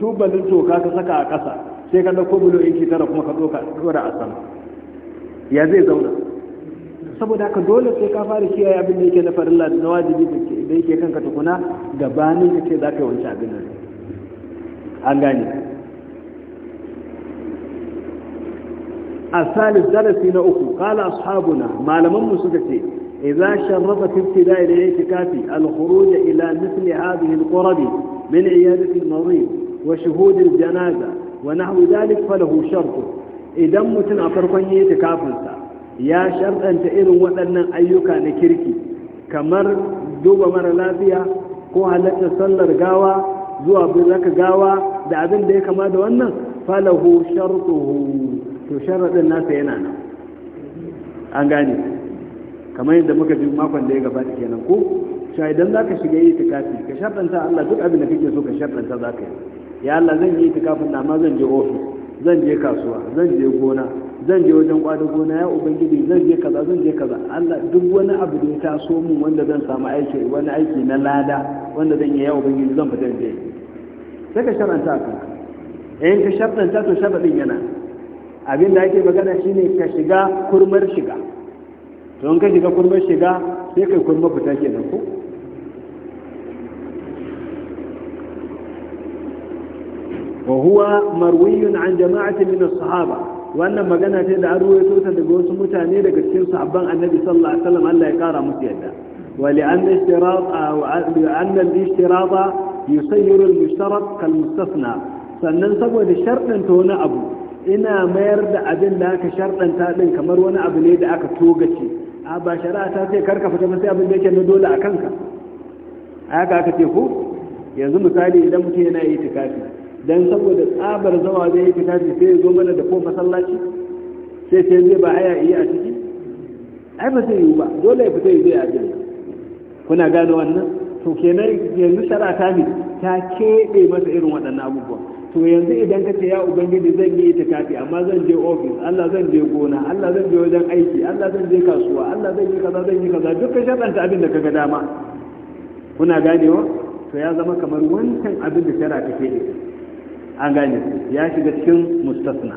tubalin toka ka saka a ƙasa sai ka ɗauko bulo inci tara kuma ka ɗora a sama ya zai zauna saboda haka dole sai ka fara kiyaye abin da yake na farin lada na wajibi da yake kanka tukuna gabanin da ce za ka wancan abin nan an gane a salis darasi na uku kala ashabuna malaman mu suka ce idza sharrafa tibtida ila itikafi al khuruj ila mithl hadhihi al qurab min iyadati al marid wa shuhud al janaza wa nahwu dhalik falahu sharq idan mutun a farkon yi itikafin sa ya sharɗanta irin waɗannan ayyuka na kirki kamar duba mara lafiya ko halatta sallar gawa zuwa bin gawa da abin da ya kama da wannan falahu sharɗuhu to sharaɗin nasa yana nan an gane kamar yadda muka ji makon da ya gabata kenan ko sha don za ka shiga yi tikafi ka sharɗanta Allah duk abin da kake so ka sharɗanta za ka yi ya Allah zan yi tikafin na ma zan je ofis zan je kasuwa zan je gona zan je wajen kwado gona ya ubangiji zan je kaza zan je kaza Allah duk wani abu da ya taso min wanda zan samu aiki wani aiki na lada wanda zan yi ya ubangiji zan fita je sai ka sharanta ka eh, in ka sharanta to shabadin yana abin da ake magana shine ka shiga kurmar shiga to in ka shiga kurmar shiga sai kai kurmar fita kenan ko wa huwa marwiyun an jama'atin min as-sahaba wannan magana ce da an ruwaito ta daga wasu mutane daga cikin sahabban annabi sallallahu Allah ya kara musu yadda wa li'anna ishtirata wa anna al-ishtirata yusayyiru al-mushtarak sannan saboda sharɗin ta wani abu ina mayar da abin da aka sharɗanta din kamar wani abu ne da aka togace a ba shari'a ta ce karka fita ba sai abin da yake dole a kanka haka aka ce yanzu misali idan mutum yana yi tikafi dan saboda tsabar zawa zai yi fita sai ya zo mana da ko masallaci sai sai zai ba aya iya a ciki ai ba zai yiwu ba dole ya fita ya zai ajiyar kuna gano wannan to kenan yanzu sharata ne ta keɓe masa irin waɗannan abubuwa to yanzu idan ka ce ya ubangiji zan yi ta kafi amma zan je ofis Allah zan je gona Allah zan je wajen aiki Allah zan je kasuwa Allah zan yi kaza zan yi kaza kai sharɗanta abin da kaga dama kuna ganewa to ya zama kamar wancan abin da shara ke ne an gane ya shiga cikin mustasna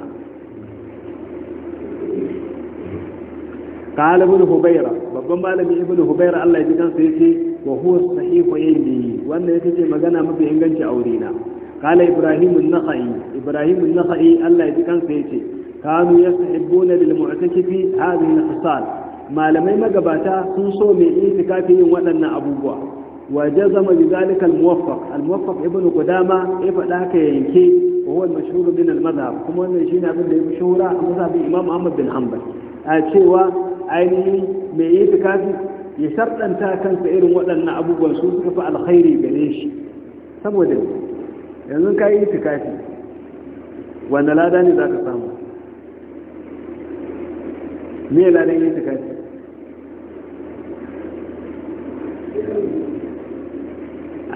قال ابن هبيرة babban malami ibnu hubaira Allah ya ji kansa yace wa huwa sahihu indi wanda yake ce magana mafi inganci a wurina na kala an-nakhai ibrahim an Allah ya ji kansa yace kanu yastahibuna lil mu'takifi hadhihi al-khisal malamai magabata sun so mai itikafin yin waɗannan abubuwa wa zama bi zalika al-muwaffaq al-muwaffaq ibnu qudama ya fada haka yanke wa huwa al-mashhur min al-madhhab kuma wannan da ya mashhura a madhhabi imam ahmad bin hanbal a cewa ainihi mai yi tukafi ya shardanta kansa irin waɗannan abubuwan su suka fi gare shi saboda yanzu ka yi tukafi wanda lada ne za samu me ladan yi tukafi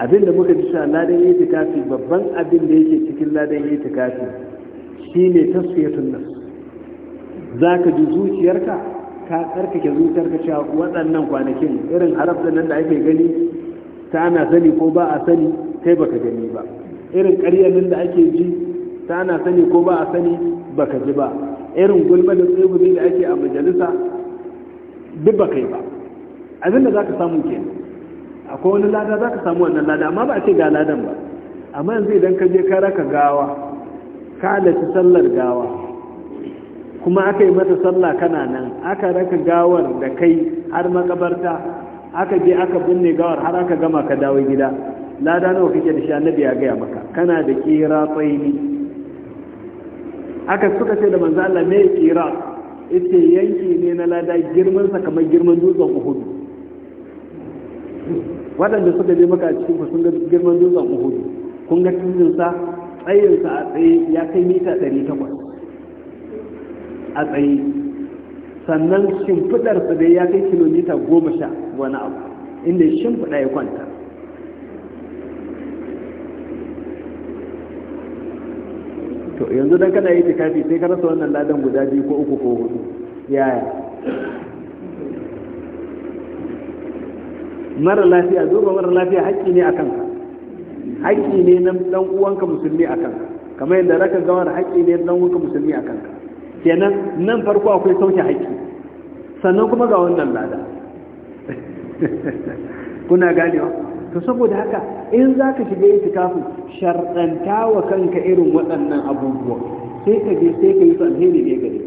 abin da muka ji sha ladan yi tikafi babban abin da yake cikin ladan yi tikafi shi ne tasfiyatun nas za ka ji zuciyarka ka tsarkake zuciyarka cewa waɗannan kwanakin irin harafin nan da ake gani ta ana sani ko ba a sani kai baka gani ba irin ƙaryanin da ake ji ta ana sani ko ba a sani baka ji ba irin gulma da tsegumi da ake a majalisa duk baka yi ba abin da za ka samu kenan akwai wani lada za ka samu wannan lada amma ba a ce ga ladan ba amma yanzu idan ka je ka raka gawa ka halarci sallar gawa kuma aka yi mata sallah kana nan aka raka gawar da kai har makabarta aka je aka binne gawar har aka gama ka dawo gida lada nawa kake da shi annabi ya gaya maka kana da kira tsaini aka suka ce da manzo Allah me kira ita yanki ne na lada girman sa kamar girman dutsen Uhud waɗanda suka je maka a cikin ku sun ga girman dutsen uhudu kun ga tsinsa tsayinsa a tsaye ya kai mita ɗari takwas a tsaye sannan shimfiɗarsa dai ya kai kilomita goma sha wani abu inda shimfiɗa ya kwanta to yanzu dan kana yi tikafi sai ka rasa wannan ladan guda biyu ko uku ko hudu yaya mara lafiya zuba mara lafiya haƙƙi ne a kanka haƙƙi ne na ɗan uwanka musulmi a kanka kamar yadda raka gawar haƙƙi ne ɗan uwanka musulmi a kanka kenan nan farko akwai sauke haƙƙi sannan kuma ga wannan lada [laughs] kuna ganewa to saboda haka in za ka shiga tikafin sharɗanta wa kanka irin waɗannan abubuwa sai ka je sai ka yi su alheri ne gare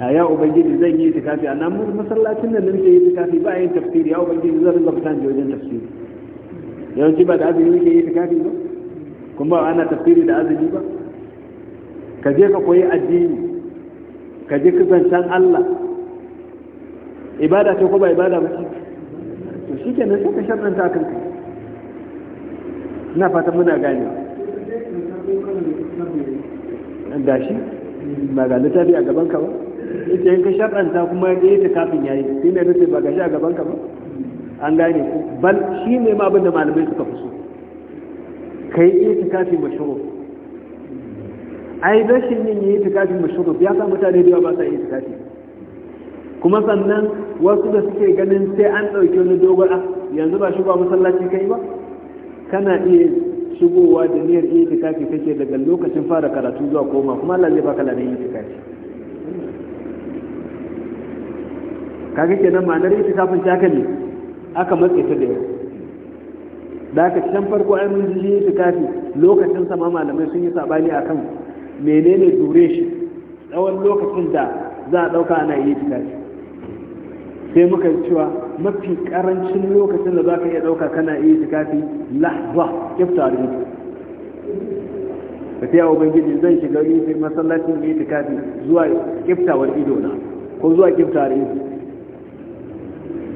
a ya ubangiji zan yi tikafi a nan masallacin nan nake yi tikafi ba yin tafsiri ya ubangiji zan rinka fitan je wajen tafsiri yawanci ba da azumi nake yi tikafi ba kuma ana tafsiri da azumi ba ka je ka koyi addini ka je ka san Allah ibada ce ko ba ibada ba ce to shikenan sai ka ta kanka ina fatan muna gane da shi ba ga littafi a gaban ka ba yace in ka shaɗanta kuma ya yi kafin yayi shi ne nace ba shi a gaban ka ba an gane ku bal shi ne ma abin da malamai suka fi so Ka yi kafin mashuru ai rashin yin yi kafin mashuru ya sa mutane da yawa ba sa yi kafin kuma sannan wasu da suke ganin sai an ɗauki wani dogon a ah, yanzu ba ba masallaci kai ba kana iya shigowa da niyyar yi kafin kake daga lokacin fara karatu zuwa koma kuma Allah zai baka ladan yi kafin kaga kenan ma'anar ita kafin ta aka matsa ta da yau da aka can farko ai mun ji ita kafi lokacin sama malamai sun yi sabani akan menene dure shi tsawon lokacin da za a dauka ana yi ita kafi sai muka cewa mafi karancin lokacin da za ka iya dauka kana yi ita kafi lahza iftari ka ta yawo bangiji zan shiga yi masallacin kafi zuwa kiftawar ido na ko zuwa kiftawar ido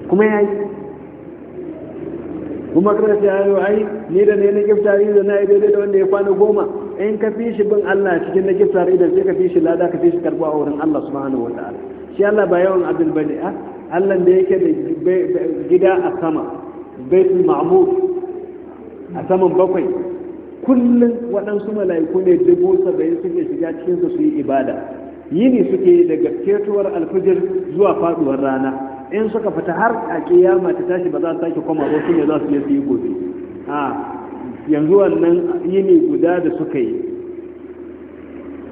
kuma ya yi kuma kada ta yaro ai ni da ne na gifta da na yi daidai da wanda ya kwana goma in ka fi shi bin Allah cikin na giftari da sai ka fi shi lada ka fi shi a wurin Allah subhanahu wa ta'ala shi Allah ba yawan abin bane a Allah da yake da gida a sama baitul ma'mur a saman bakwai kullum waɗansu mala'iku ne dubu saba'in suke shiga cikin su yi ibada yini suke daga fetuwar alfijir zuwa faɗuwar rana in suka fita har a kiyama ta tashi ba za su sake koma ba ne za su je su yi gobe a yanzu wannan yini guda da suka yi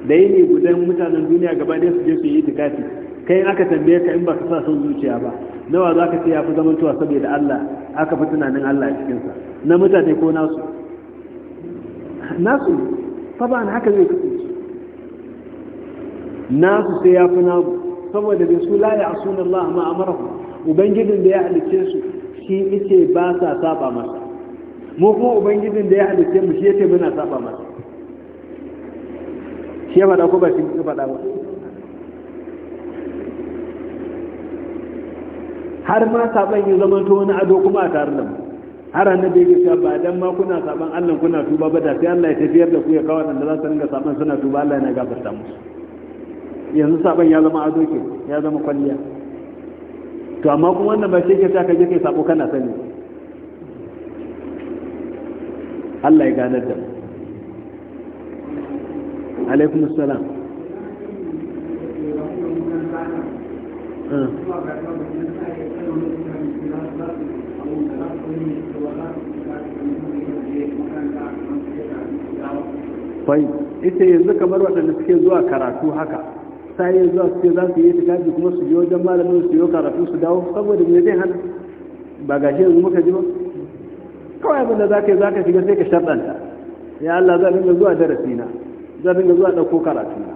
da yini gudan mutanen duniya gaba ɗaya su je su yi itikafi kai in aka tambaye ka in ba ka sa son zuciya ba nawa za ka ce ya fi tuwa saboda Allah aka fi tunanin Allah a cikinsa na mutane ko nasu nasu ne, fa ba haka zai kasance nasu sai ya fi nagu saboda bai su a sunan Allah ma ku ubangijin da ya halice su shi yake ba sa saba masa mu kuma ubangijin da ya halice mu shi yake muna saba masa shi ya faɗa ko ba shi ya faɗa ba har ma saban ya zama to wani ado kuma a tare da mu har annabi yake cewa ba dan ma kuna saban Allah kuna tuba ba da sai Allah ya tafiyar da ku ya kawo da za su ringa saban suna tuba Allah yana gafarta musu yanzu sabon ya zama ado ke ya zama kwalliya to amma kuma wannan ba shi ke ta kaje kai sabo kana sani Allah ya ganar da alaikum assalam ah. fai ita yanzu kamar waɗanda suke zuwa karatu haka sayin zuwa su za su yi tikafi kuma su je wajen malamin su yi karatu su dawo saboda me zai hana ba shi yanzu muka ji ba kawai abin da za ka yi za ka shiga sai ka sharɗanta ya Allah zan dinga zuwa darasi na hudu dinga zuwa ɗauko karatu na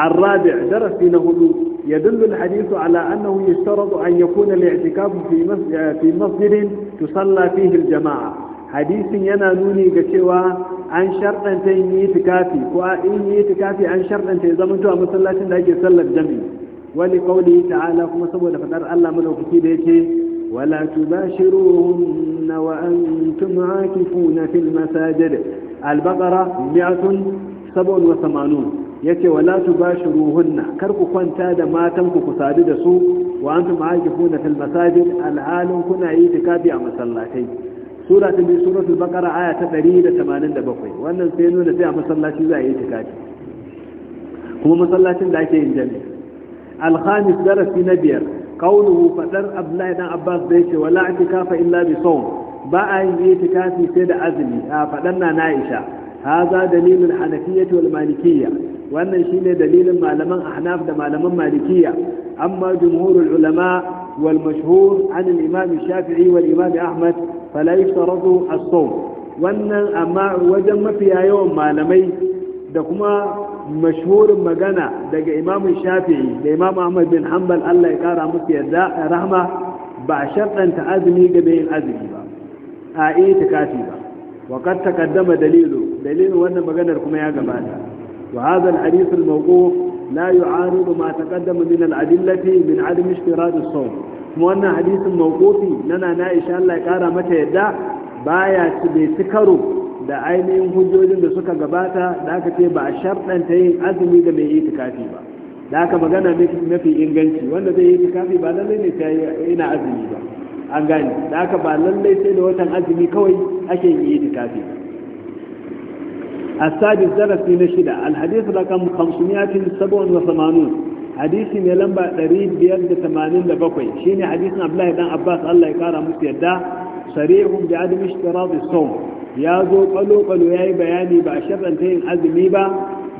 الرابع درس نهض يدل الحديث على أنه يشترط أن يكون الاعتكاف في مسجد تصلى فيه الجماعة hadisin yana nuni ga cewa an sharɗanta yin itikafi ko in yi itikafi an sharɗanta ya zama a masallacin da ake sallar jami'i wani kauli ta'ala kuma saboda fadar Allah madaukaki da yake wala tubashiruhunna wa antum aakifuna fil masajid al-baqara 187 ya ce wa latu ba shi ruhunna kar ku kwanta da matan ku ku sadu da su wa an tuma haƙi fil masajid alhalin kuna yi tikafi a masallatai sura ta biyu suratul baqara aya ta 187 wannan sai nuna sai a masallaci za a yi tikati kuma masallacin da ake yin jami'a al darasi na biyar kaunuhu fadar abdullahi dan abbas da ce, wala itikafa illa bi sawm ba a yin itikafi sai da azumi a fadar na Aisha haza dalilul hanafiyyah wal malikiyyah wannan shine dalilin malaman ahnaf da malaman malikiya amma jumhurul ulama wal mashhur an al-imam shafi'i wal imam ahmad fala yushtaratu as wannan amma wajen mafiya yawan malamai da kuma mashhurin magana daga Imam Shafi'i da Imam Ahmad bin Hanbal Allah ya kara musu yarda rahma ba shartanta azumi ga bayin azumi ba a itikafi ba wa qad taqaddama dalilu dalilu wannan maganar kuma ya gabata wa hadha al-hadith al-mawquf la yu'aridu ma taqaddama min al-adillati min adam ishtirat as-sawm kuma wannan hadisin mawqufi nana na insha Allah ya kara mata yadda baya ci bai ci karo da ainihin hujjojin da suka gabata da aka ce ba a sharɗanta yin azumi ga mai itikafi ba da aka magana mafi inganci wanda zai yi itikafi ba lallai ne sai ina azumi ba an gane da aka ba lallai sai da watan azumi kawai ake yin itikafi السادس درس من الشدة الحديث رقم 587 hadisi mai lamba 587 shine hadisin abdullahi dan abbas allah ya kara musu yadda sarihun bi adam ishtirat as-sawm ya zo kalo kalo yayi bayani ba a ta yin azumi ba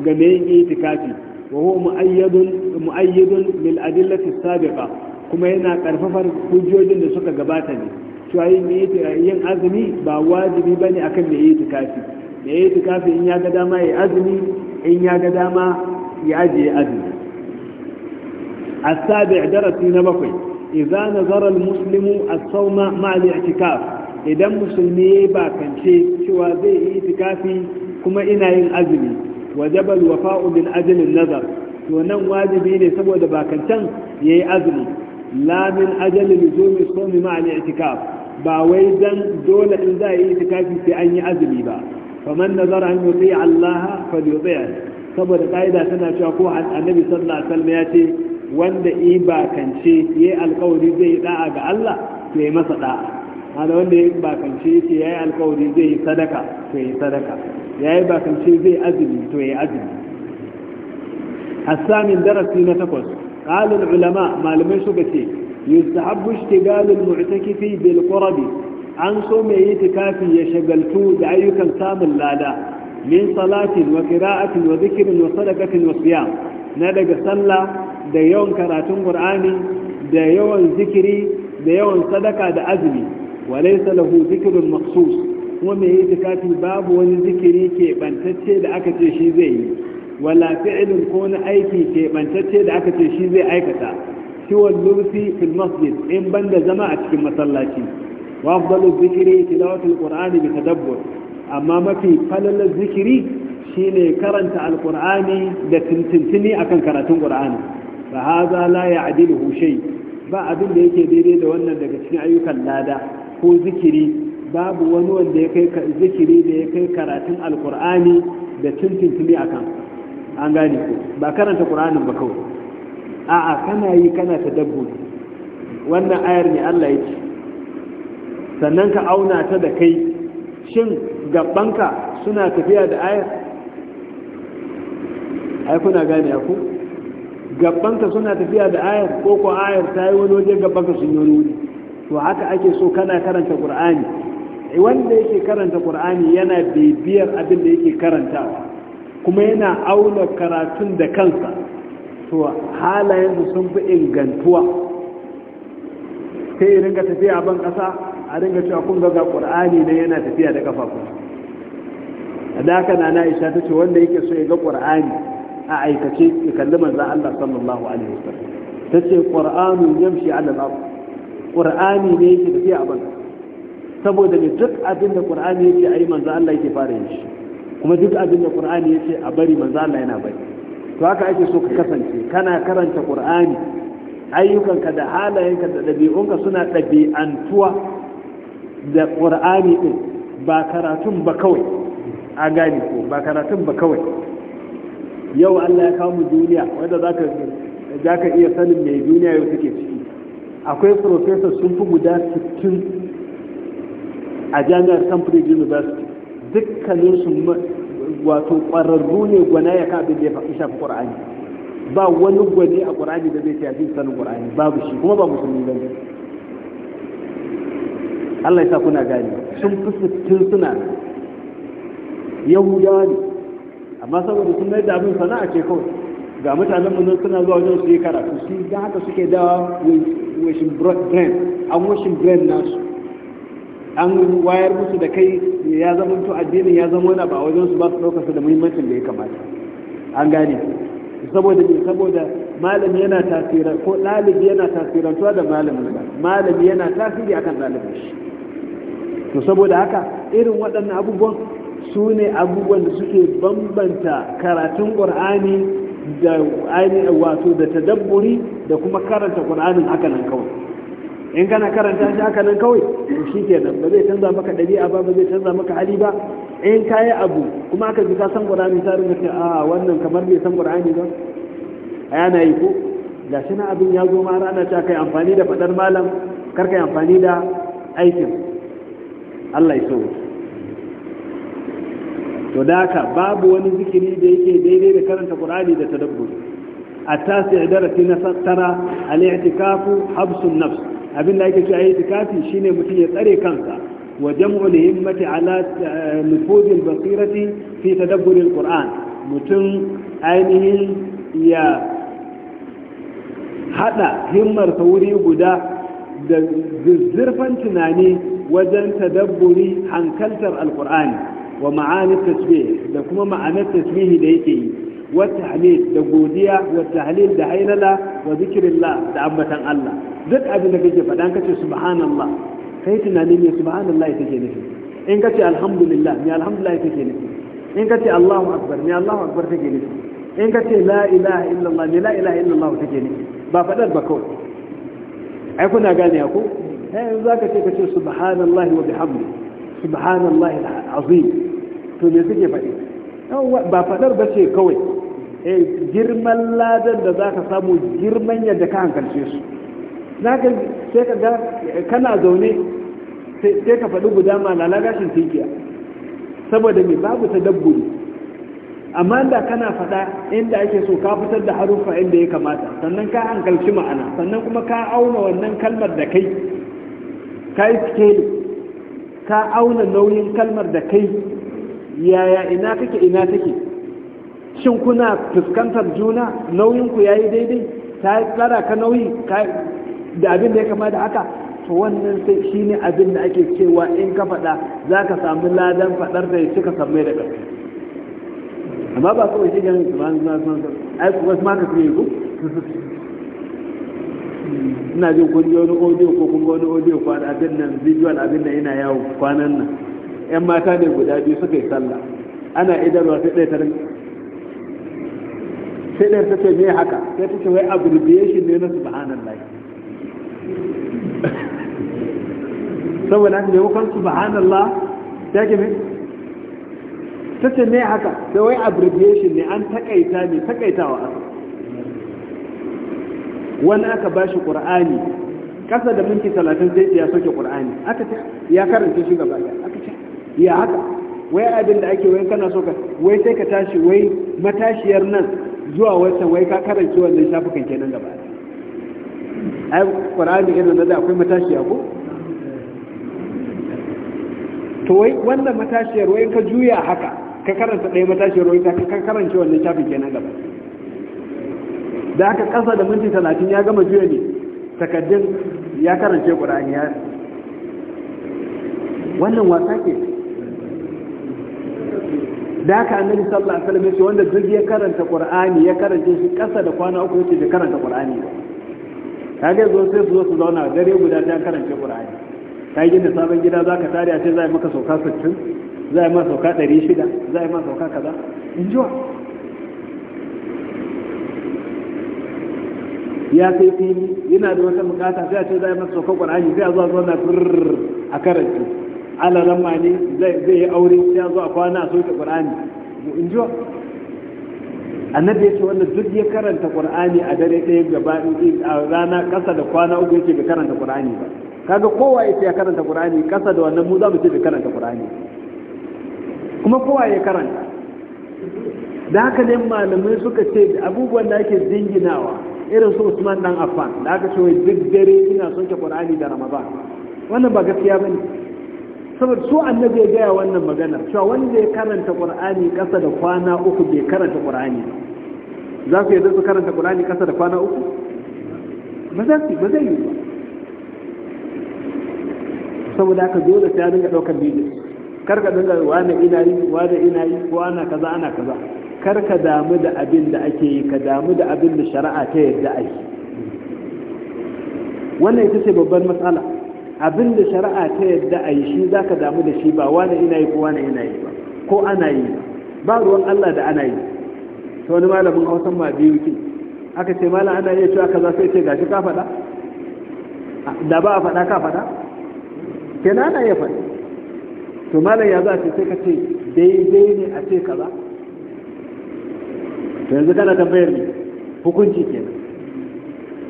ga mai yin itikafi wa huwa muayyadun muayyadun bil adillati sabiqa kuma yana karfafar hujjojin da suka gabata ne cewa yin azumi ba wajibi bane akan mai itikafi mai itikafi in ya ga dama yayi azumi in ya ga dama ya ajiye azumi السابع درسي نبقي إذا نظر المسلم الصوم مع الاعتكاف إذا مسلمي باكن شيء شوى ذي اعتكافي كما إنا الأزمي وجب الوفاء بالأجل النظر ونن واجبين سبوة باكن شن يي أزمي لا من أجل لزوم الصوم مع الاعتكاف باويدا دولة إن ذا اعتكافي في أي أزمي با فمن نظر أن يطيع الله فليطيعه saboda ƙa'ida tana cewa ko annabi sallallahu alaihi wasallam ya ce wanda yi bakance yayi alƙawari zai da'a ga Allah to yayi masa da'a hada wanda yi bakance yace yayi alƙawari zai yi sadaka to yayi sadaka yayi bakance zai azumi to yayi azumi hasamin darasi na takwas qala ulama malamai suka ce yustahabbu ishtigal al-mu'takifi bil qurbi an so mai yi tikafi ya shagaltu da ayyukan samun lada min salatin wa qira'atin wa dhikrin wa sadaqatin wa siyam na daga sallah da yawan karatun qur'ani da yawan zikiri da yawan sadaka da azumi walaysa lahu zikirin maqsus kuma mai itikafi babu wani zikiri ke da aka ce shi zai yi wala fi'lun ko na aiki ke da aka ce shi zai aikata siwan lurfi fil masjid in banda zama a cikin masallaci wa afdalu zikri tilawatul qur'ani bi tadabbur amma mafi falalar zikiri shine karanta alqur'ani da tuntuntuni akan karatun qur'ani fa hadha la ya'diluhu shay ba abin da yake daidai da wannan daga cikin ayyukan lada ko zikiri babu wani wanda ya kai zikiri da ya kai karatun alqur'ani da tuntuntuni akan an gane ko ba karanta qur'anin ba kawai a'a kana yi kana tadabburi wannan ayar ne Allah ya sannan ka auna ta da kai shin gabanka suna tafiya da ayar ai kuna gane ku gabbanka suna tafiya da ayar ko ko ayar ta yi wani waje gabbanka sun yi wani to haka ake so kana karanta qur'ani wanda yake karanta qur'ani yana bibiyar abin da yake karanta kuma yana auna karatun da kansa to su sun fi ingantuwa sai ringa tafiya ban kasa a ringa cewa kun ga qur'ani ne yana tafiya da kafafu da haka na na isha ta ce wanda yake so ya ga qur'ani a aikace ya kalli manzan Allah sallallahu alaihi wasallam ce qur'anun yamshi ala al-ard qur'ani ne yake tafiya a banza saboda ne duk abin da qur'ani yake ayi manzan Allah yake fara yin shi kuma duk abin da qur'ani yake a bari manzan Allah yana bari to haka ake so ka kasance kana karanta qur'ani ayyukanka da halayenka da ɗabi'unka suna ɗabi'antuwa da qur'ani ɗin. ba karatun ba kawai a gane ko ba karatun ba kawai yau Allah ya kawo mu duniya wanda zaka zaka iya sanin mai duniya yau take ciki akwai professor sun fi guda 60 a jami'ar Cambridge University dukkanin su wato kwararru ne gwana ya kaɓe da ya shafi ƙur'ani ba wani gwani a ƙur'ani da zai tafi sanin ƙur'ani babu shi kuma ba musulmi ba Allah ya sa kuna gani sun fi sittin suna yahudawa ne amma saboda sun mai abin sana'a ce kawai ga mutanen mu suna zuwa wajen su yi karatu su ga haka suke da washin brand an washin brand nasu an wayar musu da kai ya zama to addinin ya zama wani ba a wajen su ba su ɗaukar su da muhimmancin da ya kamata an gane saboda ne saboda malami yana tasira ko ɗalibi yana tasirantuwa da malamin ba malami yana tasiri akan ɗalibin shi to saboda haka irin waɗannan abubuwan su ne abubuwan da suke bambanta karatun ƙur'ani da ainihin wato da tadabburi da kuma karanta ƙur'anin haka nan kawai in kana karanta shi haka nan kawai to shi kenan ba zai canza maka ɗabi'a ba ba zai canza maka hali ba in ka yi abu kuma aka ji ka san ƙur'ani ta rinka ce a wannan kamar bai san ƙur'ani ba a yana yi ko ga shi na abin ya zo ma rana ta kai amfani da faɗar malam kar kai amfani da aikin Allah ya so to da haka babu wani zikiri da yake daidai da karanta qur'ani da tadabburi التاسع na نفترى الاعتكاف حبس النفس abin da ake cewa itikafi shine mutum ya tsare kansa wa jam'ul himmati ala eh, nufuzil basirati fi al qur'an mutum ainihin ya hada himmar ta wuri guda da zurfan tunani wajen tadabburi hankaltar alqur'ani wa ma'ani tasbih da kuma ma'anar tasbihi da yake yi wa tahmid da godiya wa tahlil da hailala wa zikrillah da ambatan Allah duk abin da kake faɗa kace subhanallah kai tunani ne subhanallah take nufi in kace alhamdulillah me alhamdulillah take nufi in kace Allahu akbar me Allahu akbar take nufi in kace la ilaha illallah me la ilaha illallah take nufi ba faɗar ba kawai ai kuna gane ko eh zaka ce kace subhanallahi wa bihamdihi subhanallahi alazim to me suke faɗi ba faɗar ba ce kawai eh, girman ladan da za ka samu girman yadda ka hankalce su za ka sai ka ga kana zaune sai ka faɗi guda ma lagashin tinkiya saboda mai babu ta dabburi amma da kana faɗa inda ake so ka fitar da harufa inda ya kamata sannan ka hankalci ma'ana sannan kuma ka auna wannan kalmar da kai ka yi ka auna nauyin kalmar da kai yaya ina kake ina take shin kuna fuskantar juna nauyin ku yayi daidai ta tsara ka nauyi da abin da ya kama da haka to wannan sai shi ne abin da ake cewa in ka faɗa za ka samu ladan faɗar da ya cika sammai da ƙarfi amma ba kawai shi ganin tsoron zuwa sun ai kuma su maka kire ku ina jin kun ji wani audio ko kun ga wani audio kwanan abin nan visual abin nan yana yawo kwanan nan yan mata ne guda biyu suka yi sallah ana idarwa sai ɗaya tarin sai ɗaya ta ce me haka sai ta ce wai abbreviation ne na subhanallah saboda haka maimakon subhanallah ta ke me ta ce me haka sai wai abbreviation ne an takaita ne takaitawa aka wani aka bashi ƙur'ani, kasa da minti talatin sai ya soke ƙur'ani, aka ya karanta shi gaba aka ya haka wai abin da ake wai kana so ka wai sai ka tashi wai matashiyar nan zuwa wata wai ka karanci wannan shafukan kenan gaba ai qur'ani irin da akwai matashiya ko to wai wannan matashiyar wai ka juya haka ka karanta ɗaya matashiyar wai ka karanci wannan shafin kenan gaba da haka ƙasa da minti talatin ya gama juya ne takaddun ya karance qur'ani ya wannan wasa ke da haka annabi sallallahu alaihi wasallam yace wanda duk ya karanta qur'ani ya karanta shi kasa da kwana uku yace da karanta qur'ani ba kage zo sai su zo su zauna dare guda ta karanta qur'ani kage da sabon gida zaka tare a ce zai maka sauka 60 zai maka sauka 600 zai maka sauka kaza in jiwa ya kai fili yana da wata bukata sai a ce zai maka sauka qur'ani sai a zo a na a karanta alaran ma ne zai yi aure ya zo a kwana a soke qur'ani in ji annabi ya ce wanda duk ya karanta qur'ani a dare ɗaya gaba a rana ƙasa da kwana uku yake bai karanta qur'ani ba kaga kowa ya ce ya karanta qur'ani ƙasa da wannan mu za mu ce bai karanta qur'ani kuma kowa ya karanta da haka ne malamai suka ce abubuwan da ake dinginawa irin su Usman dan Affan da aka ce duk dare ina soke qur'ani da Ramadan wannan ba gaskiya bane saboda su annabi ya gaya wannan magana cewa wanda ya karanta qur'ani kasa da kwana uku bai karanta qur'ani za su yadda su karanta qur'ani kasa da kwana uku ba za su ba zai yi ba saboda haka dole sai ga daukar bidiyo kar ka dinga wani ina yi wani ina yi ko ana kaza ana kaza kar ka damu da abin da ake yi ka damu da abin da shari'a ta yadda ake wannan ita ce babban matsala abin da shari'a ta yadda a yi shi za ka damu da shi ba wani ina yi ko wani ina yi ba ko ana yi ba ruwan allah da ana yi ta wani malamin a ma mabi ki aka ce malam ana iya cewa kaza sai ce gashi ka faɗa da ba a faɗa ka faɗa na ana iya faɗa to malam ya za ce sai ka ce daidai ne a ce kaza to yanzu kana tambayar ne hukunci kenan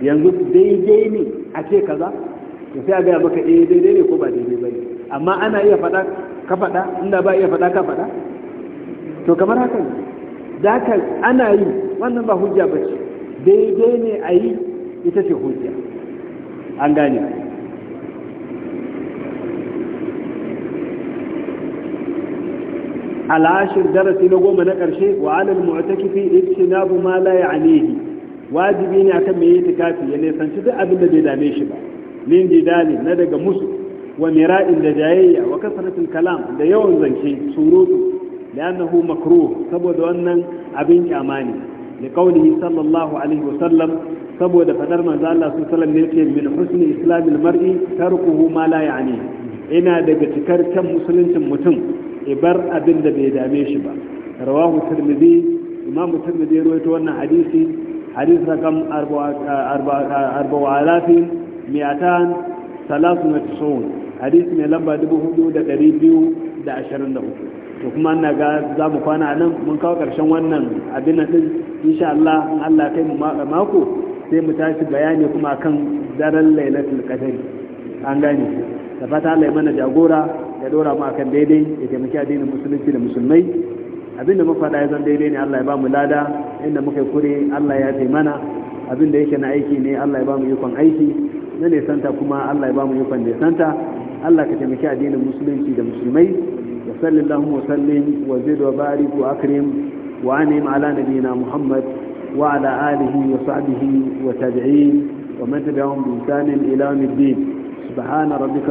yanzu daidai ne a ce kaza to sai a gaya maka eh daidai ne ko ba daidai ba ne amma ana iya faɗa ka faɗa inda ba iya faɗa ka faɗa to kamar haka ne da haka ana yi wannan ba hujja ba ce daidai ne a yi ita ce hujja an gane al'ashir darasi na goma na ƙarshe wa alal mu'takifi ijtinabu ma la ya'nihi wajibi ne akan mai itikafi ya nisanci duk abin da bai dame shi ba min jidali na daga musu wa mira'in da jayayya wa kasratul kalam da yawan zance surutu li'annahu makruh saboda wannan abin kyama ne liqaulihi sallallahu alaihi wa sallam saboda fadar manzo Allah sallallahu alaihi wa sallam ne yake min husni islamil mar'i tarkuhu ma la ya'ni ina daga cikar kan musuluncin mutum ibar abin da bai dame shi ba rawahu tirmidhi imamu tirmidhi ya rawaito wannan hadisi hadisi rakam 4000 مئتان ثلاث وتسعون حديث من لمبا دبو هدو دا قريبيو دا عشرين دهو nan أننا قام قانا علم من كوكر شوانا أبنا Allah, sai mu tashi bayani kuma kan daren lailatul qadr an gane da fata Allah ya mana jagora ya dora mu akan daidai ya taimaki addinin musulunci da musulmai Abin da muka faɗa ya zan daidai ne Allah ya ba mu lada inda muka kure Allah ya taimana Abin da yake na aiki ne Allah ya ba mu ikon aiki na nesanta kuma Allah ya ba mu ikon nesanta Allah ka taimaki addinin musulunci da musulmai wa sallallahu wa sallim wa zid wa akrim wa anim ala nabiyina Muhammad wa ala alihi wa sahbihi wa tabi'in wa man tabi'ahum bi ihsan ila yawm الدين سبحان ربك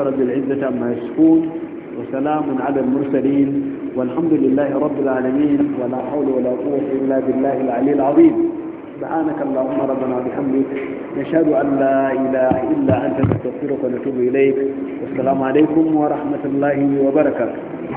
والحمد لله رب العالمين ولا حول ولا قوة إلا بالله العلي العظيم سبحانك اللهم ربنا وبحمدك نشهد أن لا إله إلا أنت نستغفرك ونتوب إليك والسلام عليكم ورحمة الله وبركاته